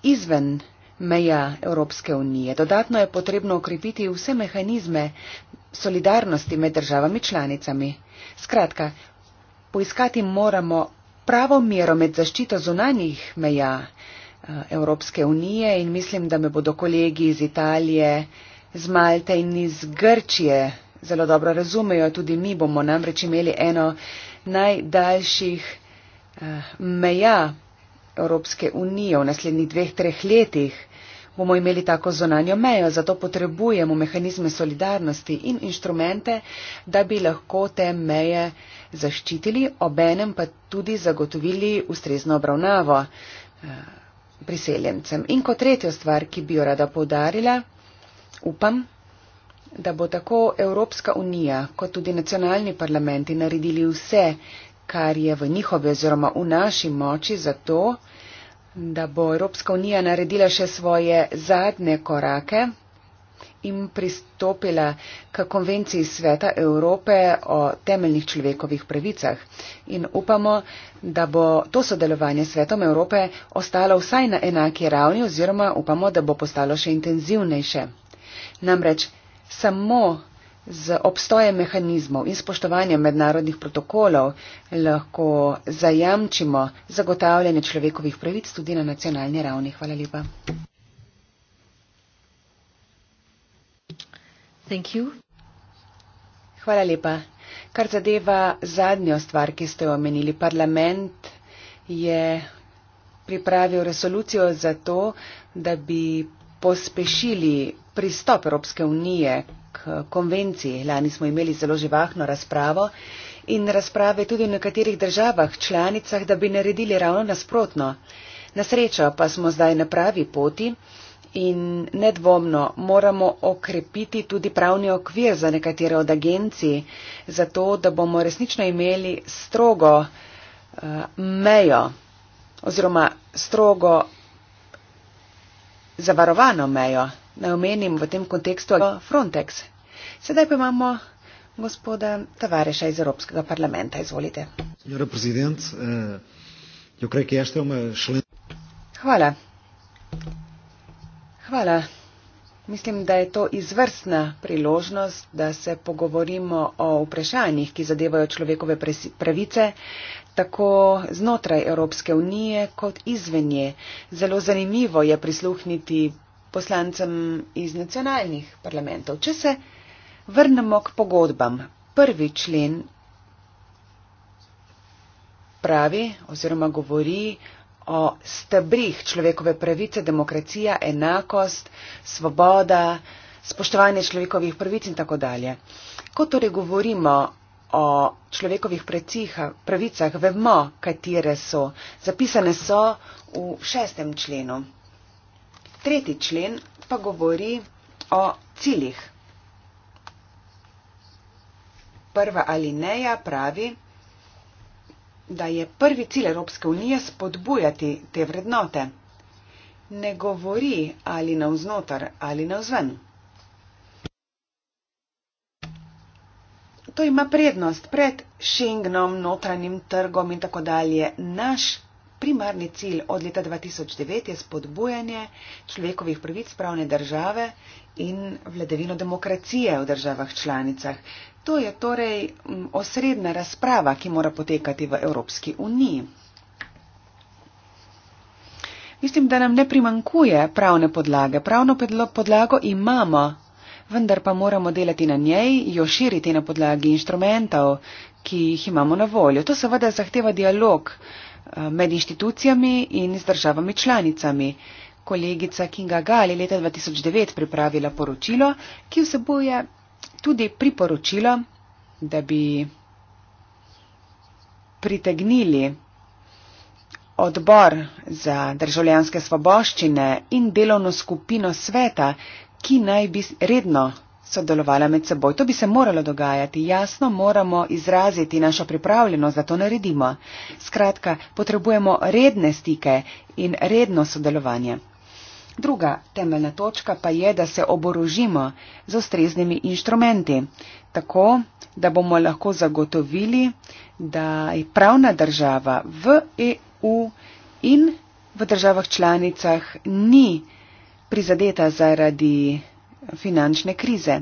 izven meja Evropske unije. Dodatno je potrebno okrepiti vse mehanizme solidarnosti med državami članicami. Skratka, poiskati moramo pravo mero med zaščito zunanjih meja eh, Evropske unije in mislim, da me bodo kolegi iz Italije, z Malte in iz Grčije zelo dobro razumejo. Tudi mi bomo namreč imeli eno najdaljših eh, meja Evropske unije v naslednjih dveh, treh letih. Bomo imeli tako zonanjo mejo, zato potrebujemo mehanizme solidarnosti in inštrumente, da bi lahko te meje zaščitili, obenem pa tudi zagotovili ustrezno obravnavo eh, priseljencem. In kot tretjo stvar, ki bi jo rada povdarila, upam, da bo tako Evropska unija kot tudi nacionalni parlamenti naredili vse, kar je v njihove oziroma v naši moči za to, da bo Evropska unija naredila še svoje zadnje korake in pristopila k konvenciji Sveta Evrope o temeljnih človekovih pravicah. In upamo, da bo to sodelovanje s Svetom Evrope ostalo vsaj na enaki ravni oziroma upamo, da bo postalo še intenzivnejše. Namreč samo z obstojem mehanizmov in spoštovanjem mednarodnih protokolov lahko zajamčimo zagotavljanje človekovih pravic tudi na nacionalni ravni. Hvala lepa. Hvala lepa. Kar zadeva zadnjo stvar, ki ste jo omenili, parlament je pripravil resolucijo za to, da bi pospešili pristop Evropske unije k konvenciji. Lani smo imeli zelo živahno razpravo in razprave tudi v nekaterih državah, članicah, da bi naredili ravno nasprotno. Nasrečo pa smo zdaj na pravi poti in nedvomno moramo okrepiti tudi pravni okvir za nekatere od agencij, zato da bomo resnično imeli strogo uh, mejo oziroma strogo zavarovano mejo. Ne omenim v tem kontekstu Frontex. Sedaj pa imamo gospoda Tavareša iz Evropskega parlamenta. Izvolite. Eh, eh, Hvala. Hvala. Mislim, da je to izvrstna priložnost, da se pogovorimo o vprašanjih, ki zadevajo človekove pravice, tako znotraj Evropske unije kot izven nje. Zelo zanimivo je prisluhniti poslancem iz nacionalnih parlamentov. Če se vrnemo k pogodbam, prvi člen pravi oziroma govori o stebrih človekove pravice, demokracija, enakost, svoboda, spoštovanje človekovih pravic in tako dalje. Ko torej govorimo o človekovih pravicah, vemo, katere so. Zapisane so v šestem členu. Tretji člen pa govori o ciljih. Prva alineja pravi, da je prvi cilj Evropske unije spodbujati te vrednote. Ne govori ali navznotar ali navzven. To ima prednost pred Schengenom, notranjim trgom in tako dalje. Naš primarni cilj od leta 2009 je spodbujanje človekovih prvic pravne države in vladavino demokracije v državah članicah. To je torej osredna razprava, ki mora potekati v Evropski uniji. Mislim, da nam ne primankuje pravne podlage. Pravno podlago imamo, vendar pa moramo delati na njej, jo širiti na podlagi inštrumentov, ki jih imamo na voljo. To seveda zahteva dialog. Eh, med inštitucijami in z državami članicami. Kolegica Kinga Gal je leta 2009 pripravila poročilo, ki vsebuje tudi priporočilo, da bi pritegnili odbor za državljanske svoboščine in delovno skupino sveta, ki naj bi redno sodelovala med seboj. To bi se moralo dogajati. Jasno moramo izraziti našo pripravljenost, da to naredimo. Skratka, potrebujemo redne stike in redno sodelovanje. Druga temeljna točka pa je, da se oborožimo z ustreznimi inštrumenti, tako da bomo lahko zagotovili, da je pravna država v EU in v državah članicah ni prizadeta zaradi finančne krize.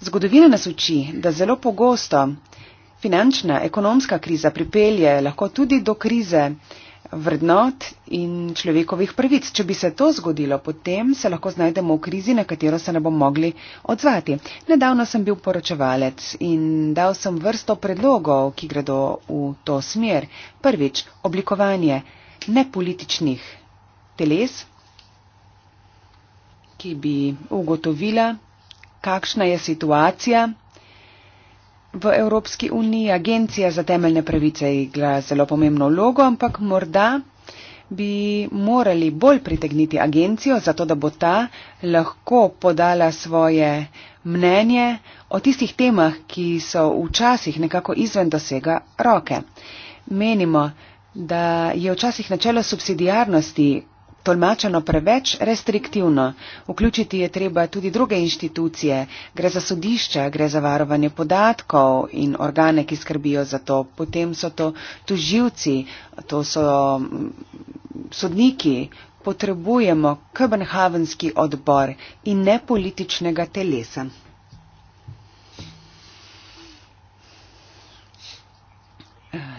Zgodovina nas uči, da zelo pogosto finančna, ekonomska kriza pripelje lahko tudi do krize vrednot in človekovih prvic. Če bi se to zgodilo, potem se lahko znajdemo v krizi, na katero se ne bomo mogli odzvati. Nedavno sem bil poročevalec in dal sem vrsto predlogov, ki gredo v to smer. Prvič, oblikovanje nepolitičnih teles, ki bi ugotovila, kakšna je situacija. V Evropski uniji agencija za temeljne pravice igra zelo pomembno vlogo, ampak morda bi morali bolj pritegniti agencijo, zato da bo ta lahko podala svoje mnenje o tistih temah, ki so včasih nekako izven dosega roke. Menimo, da je včasih načelo subsidijarnosti tolmačeno preveč restriktivno. Vključiti je treba tudi druge inštitucije, gre za sodišča, gre za varovanje podatkov in organe, ki skrbijo za to. Potem so to tuživci, to so mm, sodniki. Potrebujemo Kopenhavenski odbor in ne političnega telesa.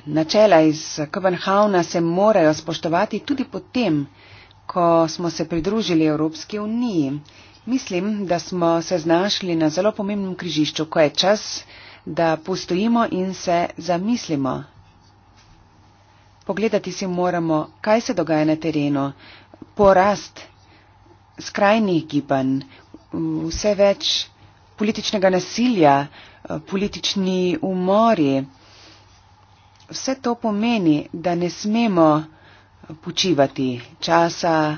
Načela iz Kopenhavna se morajo spoštovati tudi potem, ko smo se pridružili Evropski uniji. Mislim, da smo se znašli na zelo pomembnem križišču, ko je čas, da postojimo in se zamislimo. Pogledati si moramo, kaj se dogaja na terenu, porast skrajnih gibanj, vse več političnega nasilja, politični umori. Vse to pomeni, da ne smemo počivati. Časa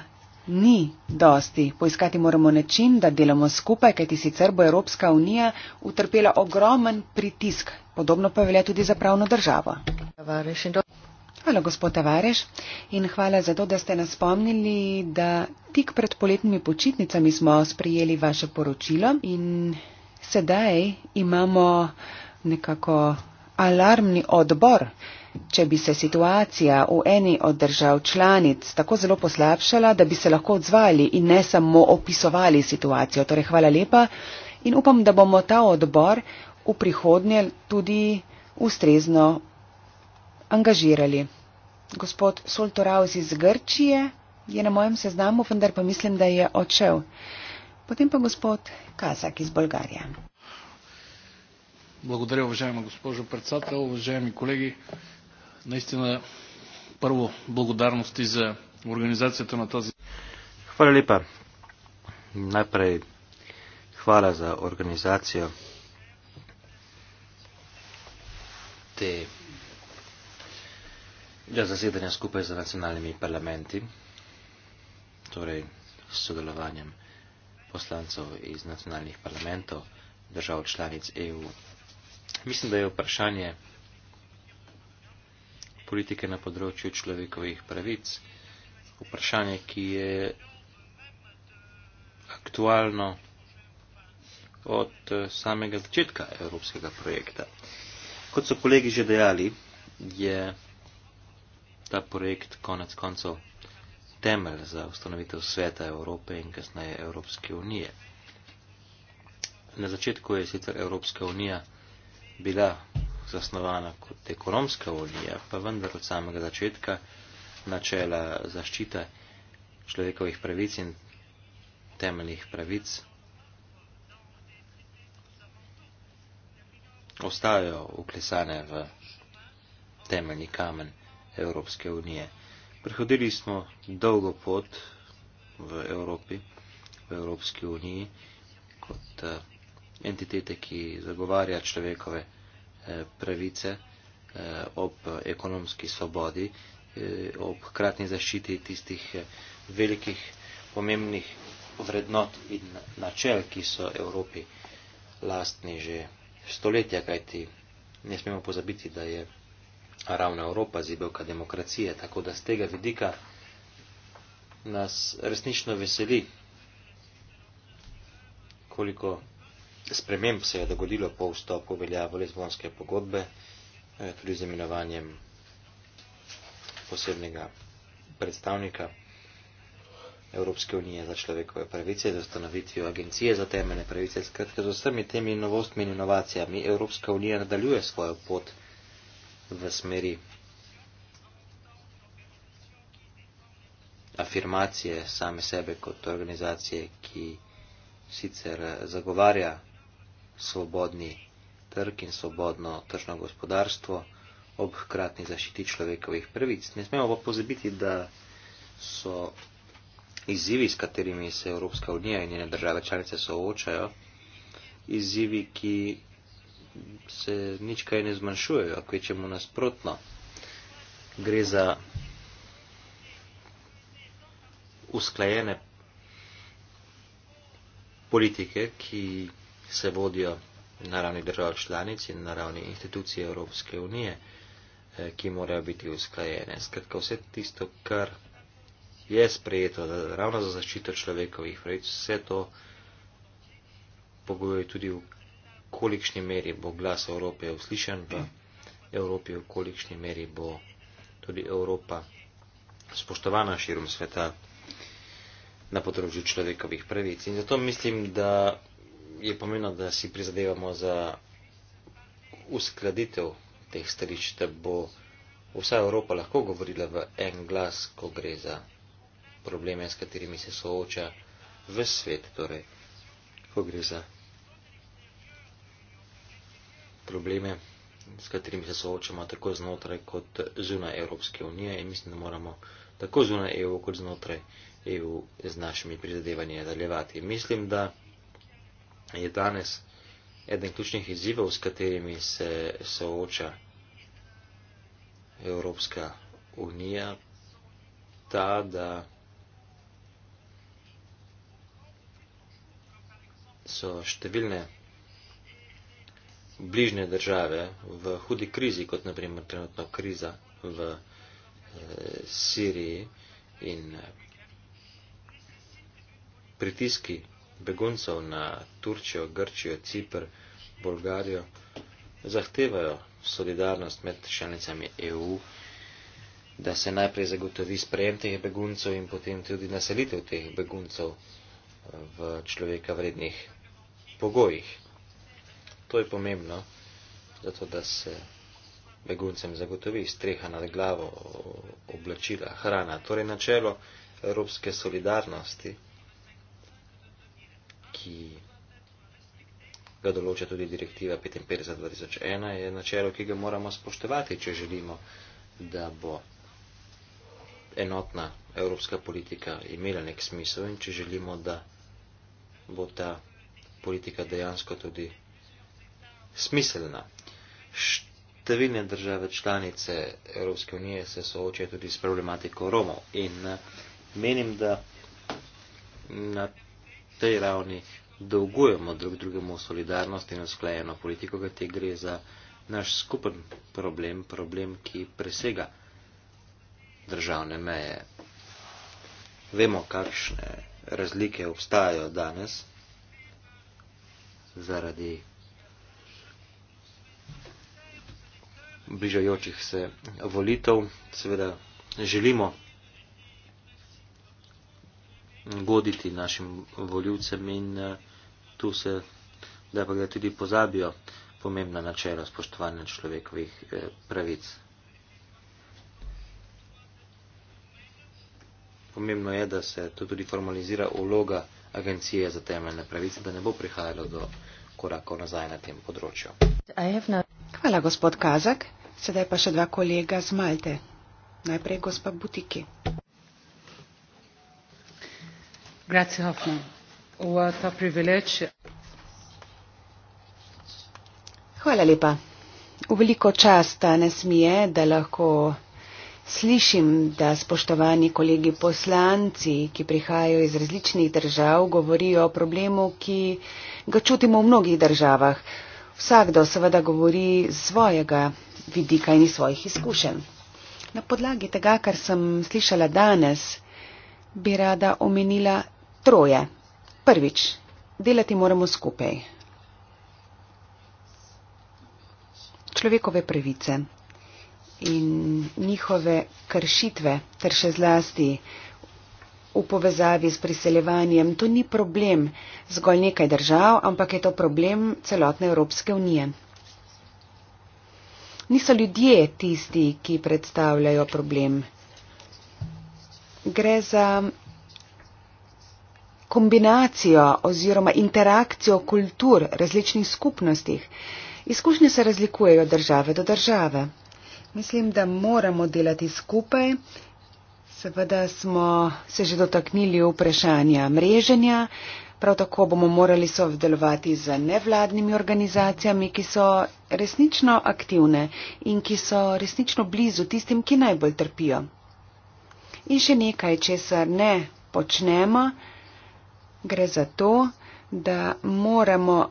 ni dosti. Poiskati moramo način, da delamo skupaj, kajti sicer bo Evropska unija utrpela ogromen pritisk. Podobno pa velja tudi za pravno državo. Hvala, gospod Tavareš, in hvala za to, da ste nas spomnili, da tik pred poletnimi počitnicami smo sprejeli vaše poročilo in sedaj imamo nekako alarmni odbor. Če bi se situacija v eni od držav članic tako zelo poslabšala, da bi se lahko odzvali in ne samo opisovali situacijo. Torej, hvala lepa in upam, da bomo ta odbor v prihodnje tudi ustrezno angažirali. Gospod Soltoraus iz Grčije je na mojem seznamu, vendar pa mislim, da je odšel. Potem pa gospod Kazak iz Bolgarije. Благодаря, уважаема госпожо председател, уважаеми колеги. Наистина първо благодарности за организацията на този. Хвала лепа. Najprej hvala za organizacijo tega zasedanja skupaj z nacionalnimi parlamenti, torej s sodelovanjem poslancev iz nacionalnih parlamentov držav članic EU. Mislim, da je vprašanje politike na področju človekovih pravic. Vprašanje, ki je aktualno od eh, samega začetka evropskega projekta. Kot so kolegi že dejali, je ta projekt konec koncev temelj za ustanovitev sveta Evrope in kasneje Evropske unije. Na začetku je sicer Evropska unija bila zasnovana kot ekonomska unija, pa vendar od samega začetka načela zaščite človekovih pravic in temeljnih pravic ostajajo uklesane v temeljni kamen Evropske unije. Prihodili smo dolgo pot v Evropi, v Evropski uniji, kot eh, entitete, ki zagovarja človekove pravice. Eh, pravice eh, ob ekonomski svobodi, eh, ob hkratni zaščiti tistih velikih pomembnih vrednot in načel, ki so Evropi lastni že stoletja, kajti ne smemo pozabiti, da je ravna Evropa zibelka demokracije, tako da z tega vidika nas resnično veseli, koliko sprememb se je dogodilo po vstopu veljavo lezbonske pogodbe, eh, tudi z imenovanjem posebnega predstavnika Evropske unije za človekove pravice, za ustanovitvijo agencije za temene pravice. Skratka, z vsemi temi novostmi in inovacijami Evropska unija nadaljuje svojo pot v smeri afirmacije same sebe kot organizacije, ki sicer eh, zagovarja svobodni trg in svobodno tržno gospodarstvo ob hkratni zaščiti človekovih prvic. Ne smemo pa pozabiti, da so izzivi, s katerimi se Evropska unija in njene države članice soočajo, izzivi, ki se nič kaj ne zmanjšujejo, kaj čemu nasprotno. Gre za usklajene politike, ki se vodijo na ravni držav članic in na ravni institucije Evropske unije, eh, ki morajo biti usklajene. Skratka, vse tisto, kar je sprejeto da, ravno za zaščito človekovih pravic, vse to pogojuje tudi v kolikšni meri bo glas Evrope uslišen v Evropi, v kolikšni meri bo tudi Evropa spoštovana širom sveta na področju človekovih pravic. In zato mislim, da je pomembno, da si prizadevamo za uskladitev teh stališč, da bo vsa Evropa lahko govorila v en glas, ko gre za probleme, s katerimi se sooča v svet, torej, ko gre za probleme, s katerimi se soočamo tako znotraj kot zunaj Evropske unije in mislim, da moramo tako zunaj EU kot znotraj EU z našimi prizadevanji nadaljevati. Mislim, da je danes eden ključnih izzivov, s katerimi se sooča Evropska unija, ta, da so številne bližnje države v hudi krizi, kot naprimer trenutno kriza v e, Siriji in eh, pritiski beguncev na Turčijo, Grčijo, Cipr, Bolgarijo, zahtevajo solidarnost med članicami EU, da se najprej zagotovi sprejem teh beguncev in potem tudi naselitev teh beguncev eh, v človeka vrednih pogojih. To je pomembno, zato da se beguncem zagotovi streha nad glavo, oblačila, hrana, torej načelo evropske solidarnosti ki ga določa tudi direktiva 55-2001, je načelo, ki ga moramo spoštovati, če želimo, da bo enotna evropska politika imela nek smisel in če želimo, da bo ta politika dejansko tudi smiselna. Številne države članice Evropske unije se soočajo tudi s problematiko Romov in eh, menim, da na tej ravni dolgujemo drug drugemu solidarnost in usklajeno politiko, kaj te gre za naš skupen problem, problem, ki presega državne meje. Vemo, kakšne razlike obstajajo danes zaradi bližajočih se volitev. Seveda želimo voditi našim voljivcem in eh, tu se, da pa ga tudi pozabijo, pomembna načela spoštovanja človekovih eh, pravic. Pomembno je, da se to tudi formalizira vloga agencije za temeljne pravice, da ne bo prihajalo do korakov nazaj na tem področju. No- Hvala, gospod Kazak. Sedaj pa še dva kolega z Malte. Najprej gospa Butiki grazie Hoffman. What a privilege. Hvala lepa. V veliko čast danes mi je, da lahko slišim, da spoštovani kolegi poslanci, ki prihajajo iz različnih držav, govorijo o problemu, ki ga čutimo v mnogih državah. Vsakdo seveda govori z svojega vidika in iz svojih izkušenj. Na podlagi tega, kar sem slišala danes, bi rada omenila Troje. Prvič, delati moramo skupaj. Človekove pravice in njihove kršitve, ter še zlasti v povezavi s priseljevanjem, to ni problem zgolj nekaj držav, ampak je to problem celotne Evropske unije. Niso ljudje tisti, ki predstavljajo problem. Gre za kombinacijo oziroma interakcijo kultur različnih skupnostih. Izkušnje se razlikujejo države do države. Mislim, da moramo delati skupaj. Seveda smo se že dotaknili vprašanja mreženja, prav tako bomo morali sodelovati z nevladnimi organizacijami, ki so resnično aktivne in ki so resnično blizu tistim, ki najbolj trpijo. In še nekaj, česar ne počnemo, Gre za to, da moramo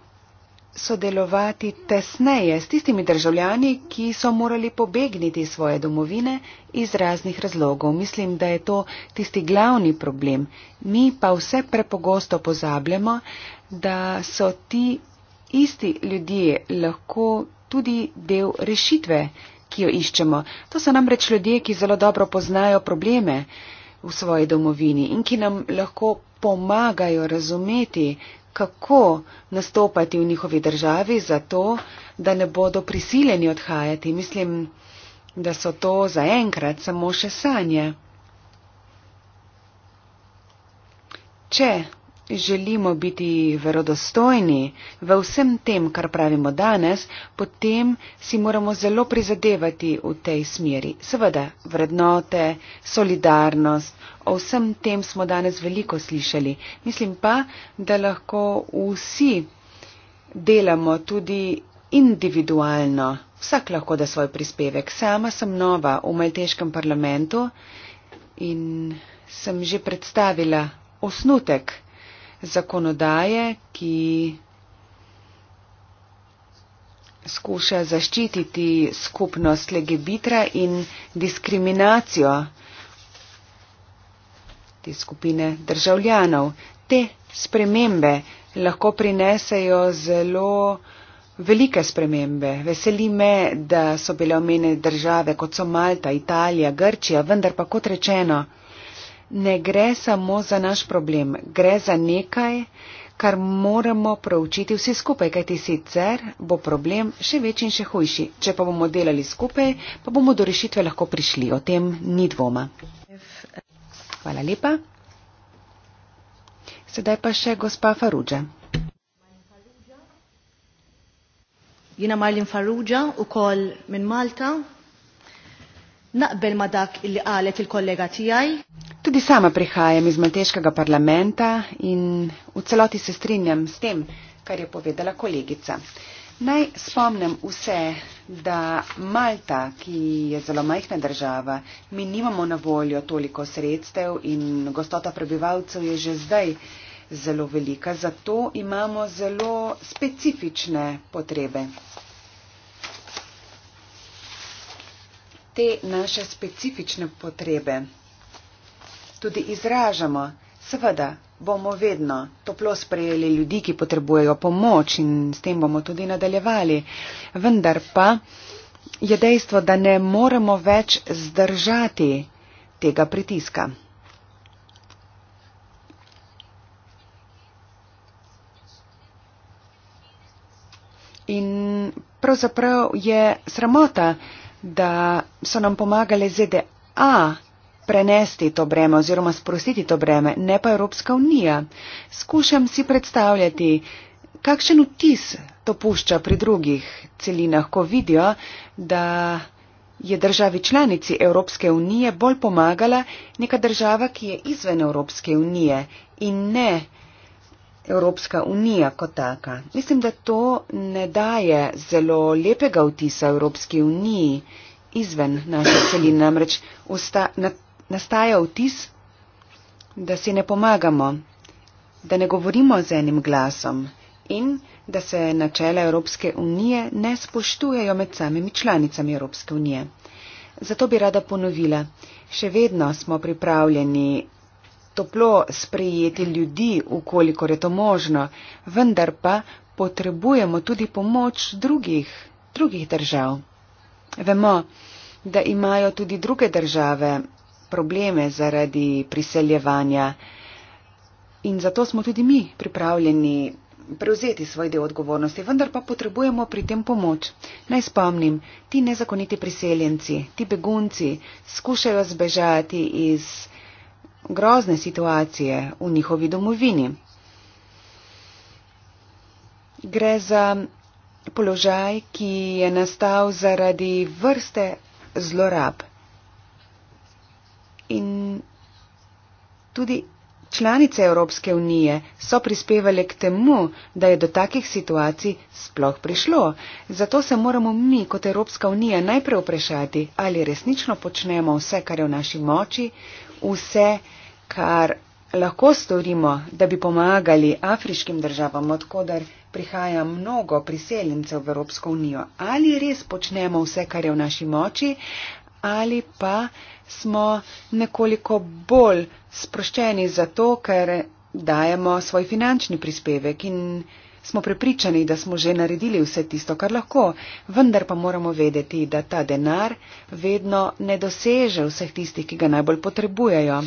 sodelovati tesneje s tistimi državljani, ki so morali pobegniti svoje domovine iz raznih razlogov. Mislim, da je to tisti glavni problem. Mi pa vse prepogosto pozabljamo, da so ti isti ljudje lahko tudi del rešitve, ki jo iščemo. To so namreč ljudje, ki zelo dobro poznajo probleme, v svoji domovini in ki nam lahko pomagajo razumeti, kako nastopati v njihovi državi, zato da ne bodo prisiljeni odhajati. Mislim, da so to zaenkrat samo še sanje. Če želimo biti verodostojni v vsem tem, kar pravimo danes, potem si moramo zelo prizadevati v tej smeri. Seveda, vrednote, solidarnost, o vsem tem smo danes veliko slišali. Mislim pa, da lahko vsi delamo tudi individualno. Vsak lahko da svoj prispevek. Sama sem nova v Malteškem parlamentu in sem že predstavila osnutek, zakonodaje, ki skuša zaščititi skupnost legebitra in diskriminacijo te skupine državljanov. Te spremembe lahko prinesejo zelo velike spremembe. Veseli me, da so bile omenjene države kot so Malta, Italija, Grčija, vendar pa kot rečeno, ne gre samo za naš problem, gre za nekaj, kar moramo preučiti vsi skupaj, kajti sicer bo problem še večji in še hujši. Če pa bomo delali skupaj, pa bomo do rešitve lahko prišli. O tem ni dvoma. Hvala lepa. Sedaj pa še gospa Faruđa. Jena Malin Faruđa, okol min Malta, Naqbel ma dak li qalet il-kollega tijaj. Tudi sama prihajam iz Malteškega parlamenta in v celoti se strinjam s tem, kar je povedala kolegica. Naj spomnim vse, da Malta, ki je zelo majhna država, mi nimamo na voljo toliko sredstev in gostota prebivalcev je že zdaj zelo velika, zato imamo zelo specifične potrebe. te naše specifične potrebe. Tudi izražamo, seveda bomo vedno toplo sprejeli ljudi, ki potrebujejo pomoč in s tem bomo tudi nadaljevali. Vendar pa je dejstvo, da ne moremo več zdržati tega pritiska. In pravzaprav je sramota, da so nam pomagale ZDA prenesti to breme oziroma sprostiti to breme, ne pa Evropska unija. Skušam si predstavljati, kakšen vtis to pušča pri drugih celinah, ko vidijo, da je državi članici Evropske unije bolj pomagala neka država, ki je izven Evropske unije in ne. Evropska unija kot taka. Mislim, da to ne daje zelo lepega vtisa Evropski uniji izven naše celine. Namreč usta, na, nastaja vtis, da si ne pomagamo, da ne govorimo z enim glasom in da se načela Evropske unije ne spoštujejo med samimi članicami Evropske unije. Zato bi rada ponovila, še vedno smo pripravljeni toplo sprejeti ljudi, ukolikor je to možno, vendar pa potrebujemo tudi pomoč drugih, drugih držav. Vemo, da imajo tudi druge države probleme zaradi priseljevanja in zato smo tudi mi pripravljeni prevzeti svoj del odgovornosti, vendar pa potrebujemo pri tem pomoč. Naj spomnim, ti nezakoniti priseljenci, ti begunci skušajo zbežati iz grozne situacije v njihovi domovini. Gre za položaj, ki je nastal zaradi vrste zlorab. In tudi članice Evropske unije so prispevali k temu, da je do takih situacij sploh prišlo. Zato se moramo mi kot Evropska unija najprej vprašati, ali resnično počnemo vse, kar je v naši moči, vse, kar je v naši moči, kar lahko storimo, da bi pomagali afriškim državam, odkudar prihaja mnogo priseljencev v Evropsko unijo. Ali res počnemo vse, kar je v naši moči, ali pa smo nekoliko bolj sproščeni zato, ker dajemo svoj finančni prispevek in smo prepričani, da smo že naredili vse tisto, kar lahko, vendar pa moramo vedeti, da ta denar vedno ne doseže vseh tistih, ki ga najbolj potrebujejo.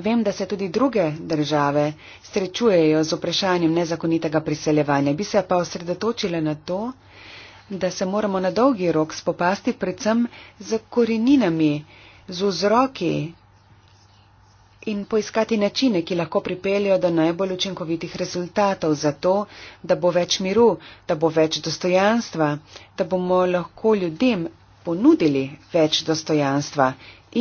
Vem, da se tudi druge države srečujejo z vprašanjem nezakonitega priseljevanja. Bi se pa osredotočile na to, da se moramo na dolgi rok spopasti predvsem z koreninami, z vzroki in poiskati načine, ki lahko pripeljajo do najbolj učinkovitih rezultatov za to, da bo več miru, da bo več dostojanstva, da bomo lahko ljudem ponudili več dostojanstva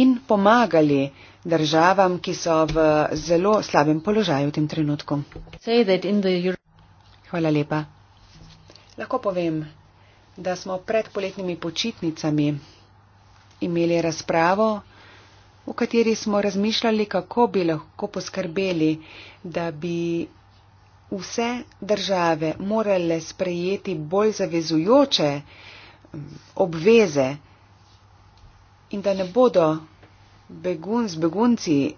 in pomagali državam, ki so v zelo slabem položaju v tem trenutku. Hvala lepa. Lahko povem, da smo pred poletnimi počitnicami imeli razpravo, v kateri smo razmišljali, kako bi lahko poskrbeli, da bi vse države morale sprejeti bolj zavezujoče mm, obveze in da ne bodo Begun z begunci,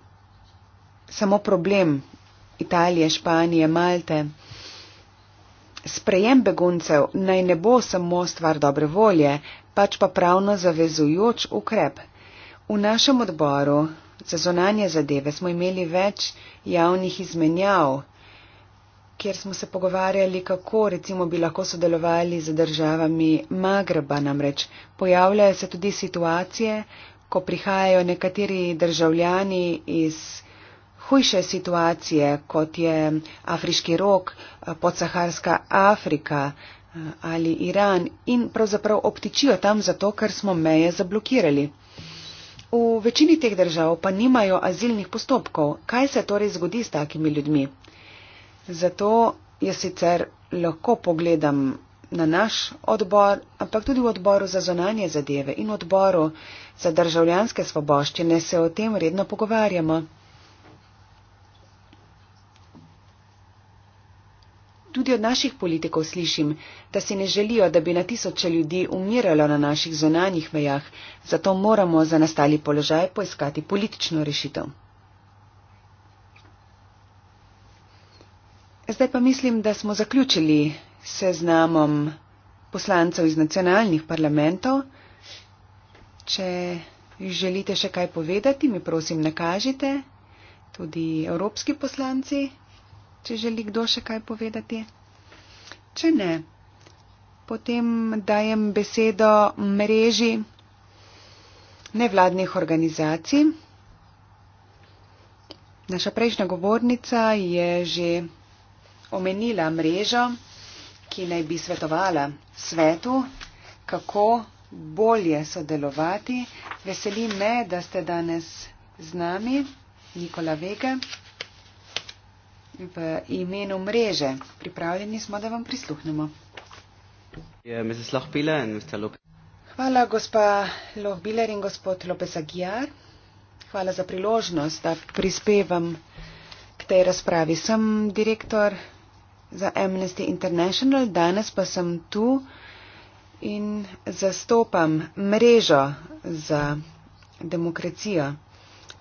samo problem Italije, Španije, Malte. Sprejem beguncev naj ne bo samo stvar dobre volje, pač pa pravno zavezujoč ukrep. V našem odboru za zonanje zadeve smo imeli več javnih izmenjav, kjer smo se pogovarjali, kako recimo bi lahko sodelovali z državami Magreba namreč. Pojavljajo se tudi situacije, ko prihajajo nekateri državljani iz hujše situacije, kot je afriški rok, eh, podsaharska Afrika eh, ali Iran in pravzaprav obtičijo tam zato, ker smo meje zablokirali. V večini teh držav pa nimajo azilnih postopkov. Kaj se torej zgodi s takimi ljudmi? Zato jaz sicer lahko pogledam na naš odbor, ampak tudi v odboru za zonanje zadeve in odboru za državljanske svoboščine se o tem redno pogovarjamo. Tudi od naših politikov slišim, da si ne želijo, da bi na tisoče ljudi umiralo na naših zonanjih mejah, zato moramo za nastali položaj poiskati politično rešitev. Zdaj pa mislim, da smo zaključili seznamom poslancev iz nacionalnih parlamentov. Če želite še kaj povedati, mi prosim nakažite. Tudi evropski poslanci, če želi kdo še kaj povedati. Če ne, potem dajem besedo mreži nevladnih organizacij. Naša prejšnja govornica je že omenila mrežo ki naj bi svetovala svetu, kako bolje sodelovati. Veseli me, da ste danes z nami, Nikola Vega, v imenu mreže. Pripravljeni smo, da vam prisluhnemo. Ja, Hvala, gospa Lohbiler in gospod Lopez Aguiar. Hvala za priložnost, da prispevam k tej razpravi. Sem direktor za Amnesty International, danes pa sem tu in zastopam mrežo za demokracijo.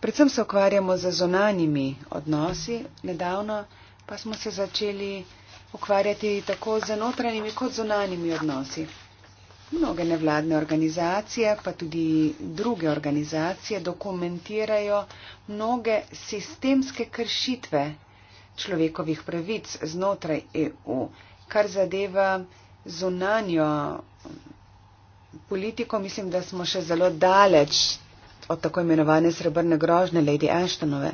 Predvsem se ukvarjamo z zonanimi odnosi, nedavno pa smo se začeli ukvarjati tako z notranjimi kot zonanimi odnosi. Mnoge nevladne organizacije, pa tudi druge organizacije dokumentirajo mnoge sistemske kršitve človekovih pravic znotraj EU. Kar zadeva zunanjo politiko, mislim, da smo še zelo daleč od tako imenovane srebrne grožne Lady Ashtonove.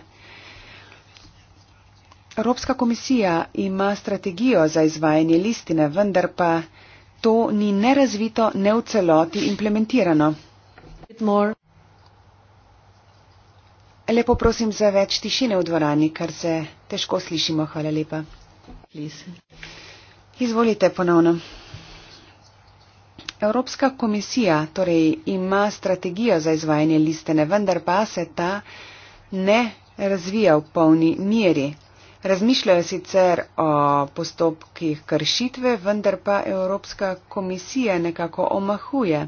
Evropska komisija ima strategijo za izvajanje listine, vendar pa to ni nerazvito, ne v celoti implementirano. More, Lepo prosim za več tišine v dvorani, ker se težko slišimo. Hvala lepa. Izvolite ponovno. Evropska komisija torej ima strategijo za izvajanje listene, vendar pa se ta ne razvija v polni meri. Razmišljajo sicer o postopkih kršitve, vendar pa Evropska komisija nekako omahuje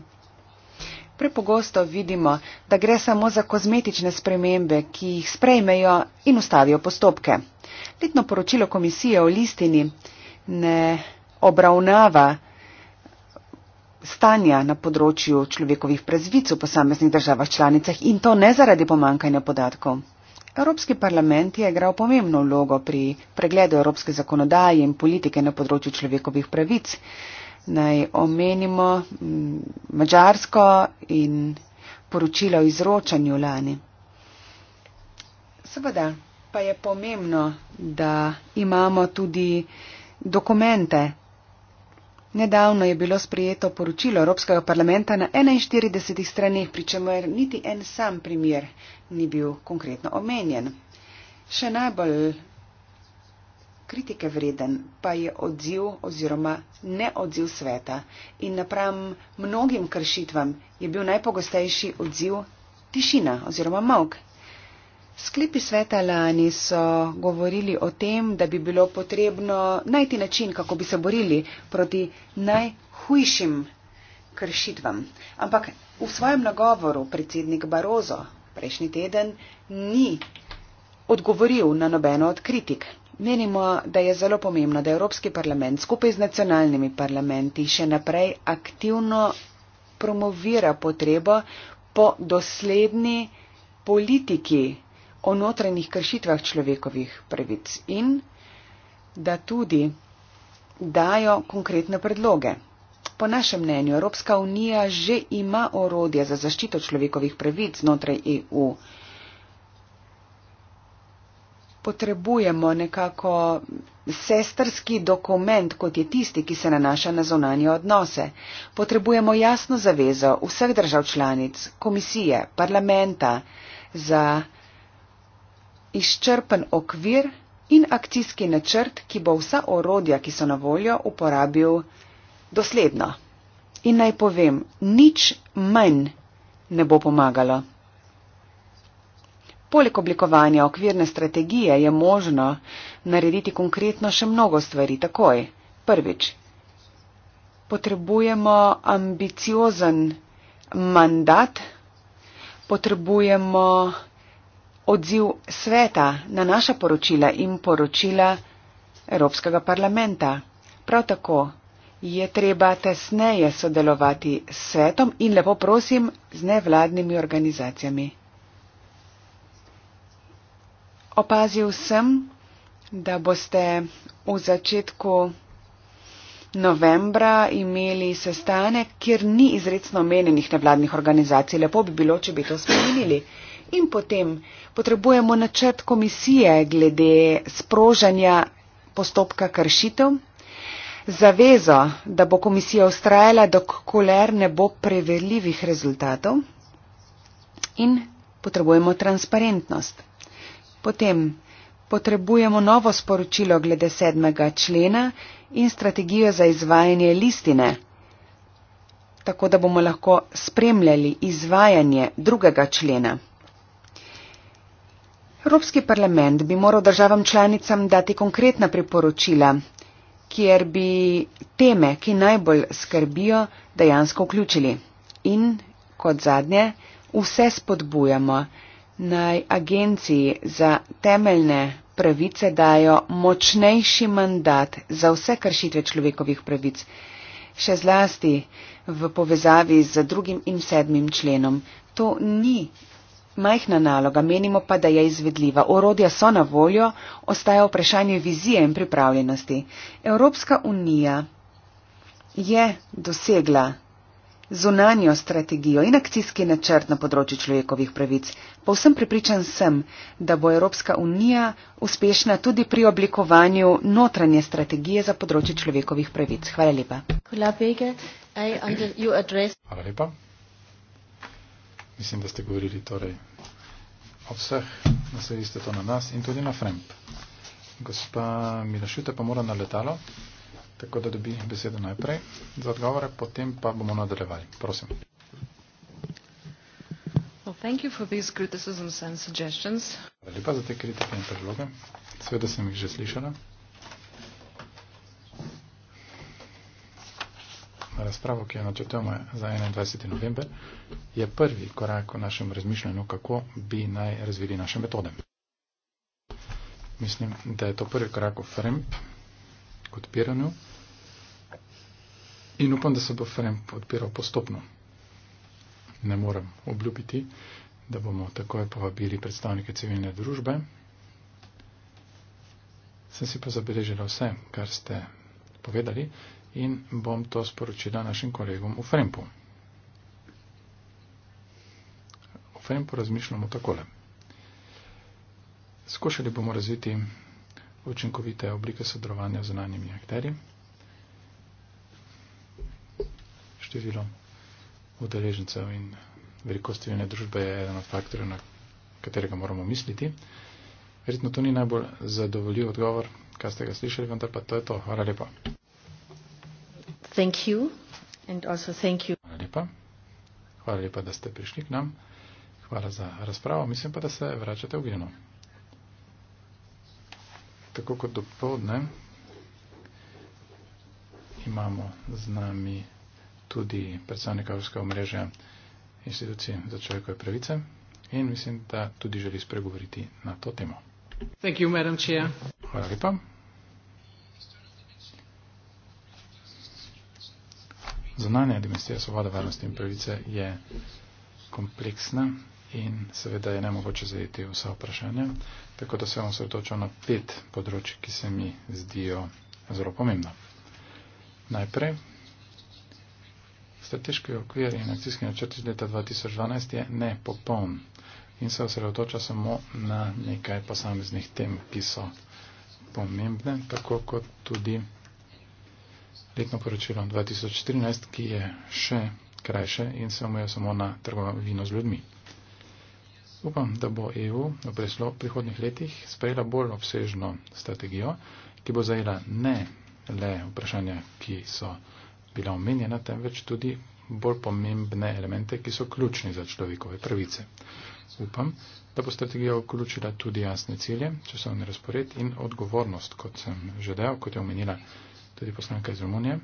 prepogosto vidimo, da gre samo za kozmetične spremembe, ki jih sprejmejo in ustavijo postopke. Letno poročilo komisije o listini ne obravnava stanja na področju človekovih prezvic v posameznih državah članicah in to ne zaradi pomankanja podatkov. Evropski parlament je igral pomembno vlogo pri pregledu evropske zakonodaje in politike na področju človekovih pravic naj omenimo mm, Mačarsko in poročilo o izročanju lani. Seveda pa je pomembno, da imamo tudi dokumente. Nedavno je bilo sprejeto poročilo Evropskega parlamenta na 41 straneh, pri čemer niti en sam primer ni bil konkretno omenjen. Še najbolj kritike vreden pa je odziv oziroma neodziv sveta in napram mnogim kršitvam je bil najpogostejši odziv tišina oziroma mavk. Sklepi sveta lani so govorili o tem, da bi bilo potrebno najti način, kako bi se borili proti najhujšim kršitvam. Ampak v svojem nagovoru predsednik Barozo prejšnji teden ni odgovoril na nobeno od kritik. Menimo, da je zelo pomembno, da Evropski parlament skupaj z nacionalnimi parlamenti še naprej aktivno promovira potrebo po dosledni politiki o notranjih kršitvah človekovih pravic in da tudi dajo konkretne predloge. Po našem mnenju Evropska unija že ima orodje za zaščito človekovih pravic znotraj EU potrebujemo nekako sestrski dokument, kot je tisti, ki se nanaša na zonanje odnose. Potrebujemo jasno zavezo vseh držav članic, komisije, parlamenta za izčrpen okvir in akcijski načrt, ki bo vsa orodja, ki so na voljo, uporabil dosledno. In naj povem, nič manj ne bo pomagalo. Poleg oblikovanja okvirne strategije je možno narediti konkretno še mnogo stvari takoj. Prvič, potrebujemo ambiciozen mandat, potrebujemo odziv sveta na naša poročila in poročila Evropskega parlamenta. Prav tako je treba tesneje sodelovati s svetom in lepo prosim z nevladnimi organizacijami. Opazil sem, da boste v začetku novembra imeli sestanek, kjer ni izredno omenjenih nevladnih organizacij. Lepo bi bilo, če bi to spremenili. In potem potrebujemo načrt komisije glede sprožanja postopka kršitev, zavezo, da bo komisija ustrajala, dokoler ne bo preverljivih rezultatov in potrebujemo transparentnost. Potem potrebujemo novo sporočilo glede sedmega člena in strategijo za izvajanje listine, tako da bomo lahko spremljali izvajanje drugega člena. Evropski parlament bi moral državam članicam dati konkretna priporočila, kjer bi teme, ki najbolj skrbijo, dejansko vključili. In kot zadnje, vse spodbujamo naj agenciji za temeljne pravice dajo močnejši mandat za vse kršitve človekovih pravic, še zlasti v povezavi z drugim in sedmim členom. To ni majhna naloga, menimo pa, da je izvedljiva. Orodja so na voljo, ostaja vprašanje vizije in pripravljenosti. Evropska unija je dosegla zunanjo strategijo in akcijski načrt na področju človekovih pravic. Povsem pripričan sem, da bo Evropska unija uspešna tudi pri oblikovanju notranje strategije za področje človekovih pravic. Hvala lepa. Hvala lepa. Mislim, da ste govorili torej o vseh, naslovili ste to na nas in tudi na FREMP. Gospa Milašuta pa mora na letalo tako da dobi besedo najprej za odgovore, potem pa bomo nadaljevali. Prosim. Well, thank you for these criticisms and suggestions. Hvala lepa za te kritike in predloge. Sveda sem jih že slišala. Razpravo, ki jo načrtujemo za 21. november, je prvi korak v našem razmišljanju, kako bi naj razvili naše metode. Mislim, da je to prvi korak v FREMP, k odpiranju In upam, da se bo frem odpiral postopno. Ne morem obljubiti, da bomo takoj povabili predstavnike civilne družbe. Sem si pa zabeležila vse, kar ste povedali in bom to sporočila našim kolegom v Frempu. V Frempu razmišljamo takole. Skušali bomo razviti učinkovite oblike sodelovanja z znanimi akterji. številom udeležencev in velikost civilne družbe je eden od faktorjev, na katerega moramo misliti. Verjetno to ni najbolj zadovoljiv odgovor, kar ste ga slišali, vendar pa to je to. Hvala lepa. Thank you. And also thank you. Hvala lepa. Hvala lepa, da ste prišli k nam. Hvala za razpravo. Mislim pa, da se vračate v Geno. Tako kot dopoldne imamo z nami tudi predstavnika Evropskega omrežja institucij za človekove pravice in mislim, da tudi želi spregovoriti na to temo. Thank you, Madam Chair. Hvala lepa. Zunanja dimenzija svobode, varnosti in pravice je kompleksna in seveda je nemogoče zajeti vsa vprašanja, tako da se bom sredočil na pet področji, ki se mi zdijo zelo pomembna. Najprej Strateški okvir in akcijski načrt iz leta 2012 je nepopoln in se osredotoča samo na nekaj posameznih tem, ki so pomembne, tako kot tudi letno poročilo 2014, ki je še krajše in se omejo samo na trgovino z ljudmi. Upam, da bo EU v prihodnih letih sprejela bolj obsežno strategijo, ki bo zajela ne le vprašanja, ki so bila omenjena, temveč tudi bolj pomembne elemente, ki so ključni za človekove pravice. Upam, da bo strategija vključila tudi jasne cilje, časovni razpored in odgovornost, kot sem že dejal, kot je omenila tudi poslanka iz Romunije,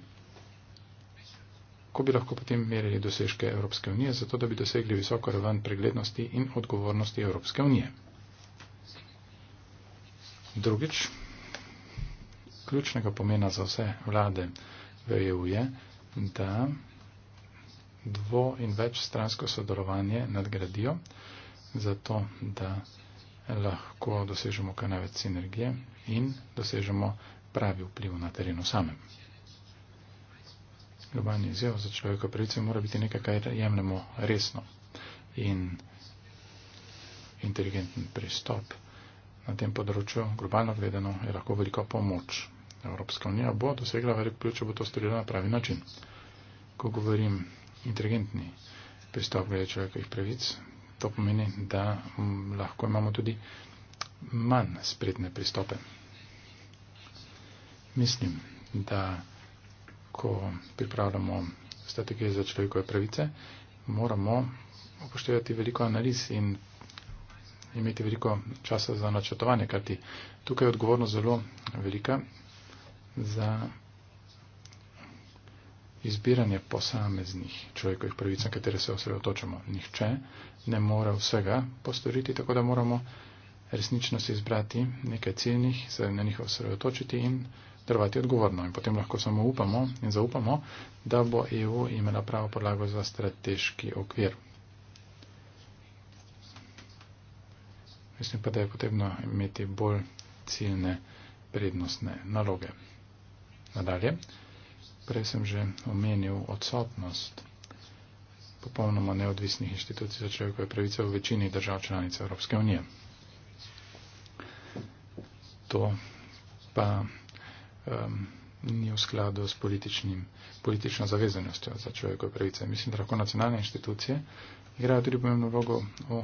ko bi lahko potem merili dosežke Evropske unije, zato da bi dosegli visoko raven preglednosti in odgovornosti Evropske unije. Drugič, ključnega pomena za vse vlade, verjuje, da dvo in več stransko sodelovanje nadgradijo, zato da lahko dosežemo kanavec sinergije in dosežemo pravi vpliv na terenu samem. Globalni izjav za človeka pravice mora biti nekaj, kar jemljemo resno in inteligenten pristop. Na tem področju, globalno gledano, je lahko veliko pomoč Evropska unija bo dosegla velik vpliv, če bo to storila na pravi način. Ko govorim inteligentni pristop glede človekovih pravic, to pomeni, da mm, lahko imamo tudi manj spretne pristope. Mislim, da ko pripravljamo strategije za človekove pravice, moramo upoštevati veliko analiz in imeti veliko časa za načrtovanje, kajti tukaj je odgovornost zelo velika za izbiranje posameznih človekovih pravic, na katere se osredotočamo. Nihče ne more vsega postoriti, tako da moramo resnično si izbrati nekaj ciljnih, se na njih osredotočiti in trvati odgovorno. In potem lahko samo upamo in zaupamo, da bo EU imela pravo podlago za strateški okvir. Mislim pa, da je potrebno imeti bolj ciljne prednostne naloge. Nadalje, prej sem že omenil odsotnost popolnoma neodvisnih inštitucij za človekove pravice v večini držav članic Evropske unije. To pa um, ni v skladu s političnim, politično zavezanostjo za človekove pravice. Mislim, da lahko nacionalne inštitucije igrajo tudi pomembno vlogo o,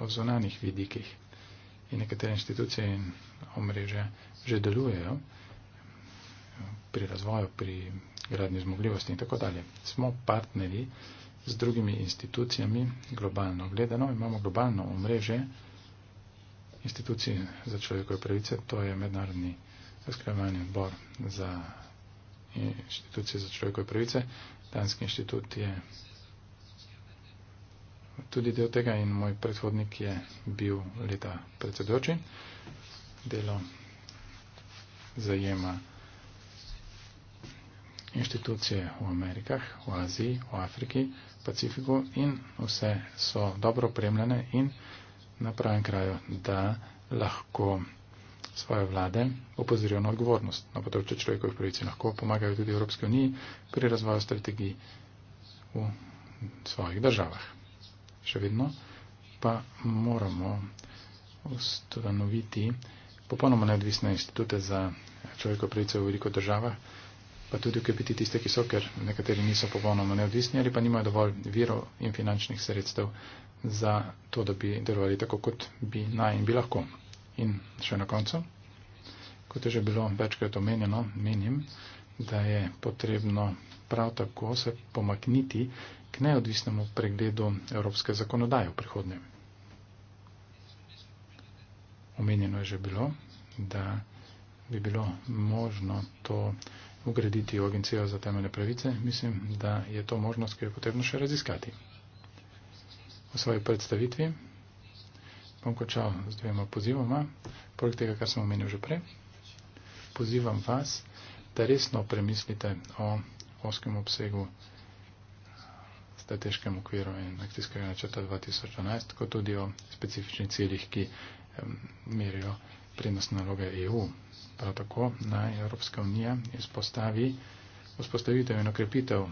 o zonanih vidikih in nekatere inštitucije in omrežja že delujejo pri razvoju, pri gradnji zmogljivosti in tako dalje. Smo partneri z drugimi institucijami globalno gledano. Imamo globalno omrežje institucij za človekove pravice, to je mednarodni razkrivanje odbor za institucije za človekove pravice. Danski inštitut je tudi del tega in moj predhodnik je bil leta predsedoči. Delo zajema inštitucije v Amerikah, v Aziji, v Afriki, Pacifiku in vse so dobro opremljene in na pravem kraju, da lahko svoje vlade opozorijo na odgovornost. Na področju človekovih pravic lahko pomagajo tudi Evropske unije pri razvoju strategij v svojih državah. Še vedno pa moramo ustanoviti popolnoma neodvisne institute za človekov pravice v veliko državah, pa tudi okrepiti tiste, ki so, ker nekateri niso popolnoma neodvisni ali pa nimajo dovolj virov in finančnih sredstev za to, da bi delovali tako, kot bi naj in bi lahko. In še na koncu, kot je že bilo večkrat omenjeno, menim, da je potrebno prav tako se pomakniti k neodvisnemu pregledu evropske zakonodaje v prihodnje. Omenjeno je že bilo, da bi bilo možno to ugraditi v agencijo za temeljne pravice, mislim, da je to možnost, ki jo je potrebno še raziskati. V svoji predstavitvi bom končal z dvema pozivoma, poleg tega, kar sem omenil že prej. Pozivam vas, da resno premislite o oskem obsegu strateškem okviru in akcijskega načrta 2012, kot tudi o specifičnih ciljih, ki merijo prednost naloge EU. Prav tako naj Evropska unija izpostavi vzpostavitev in okrepitev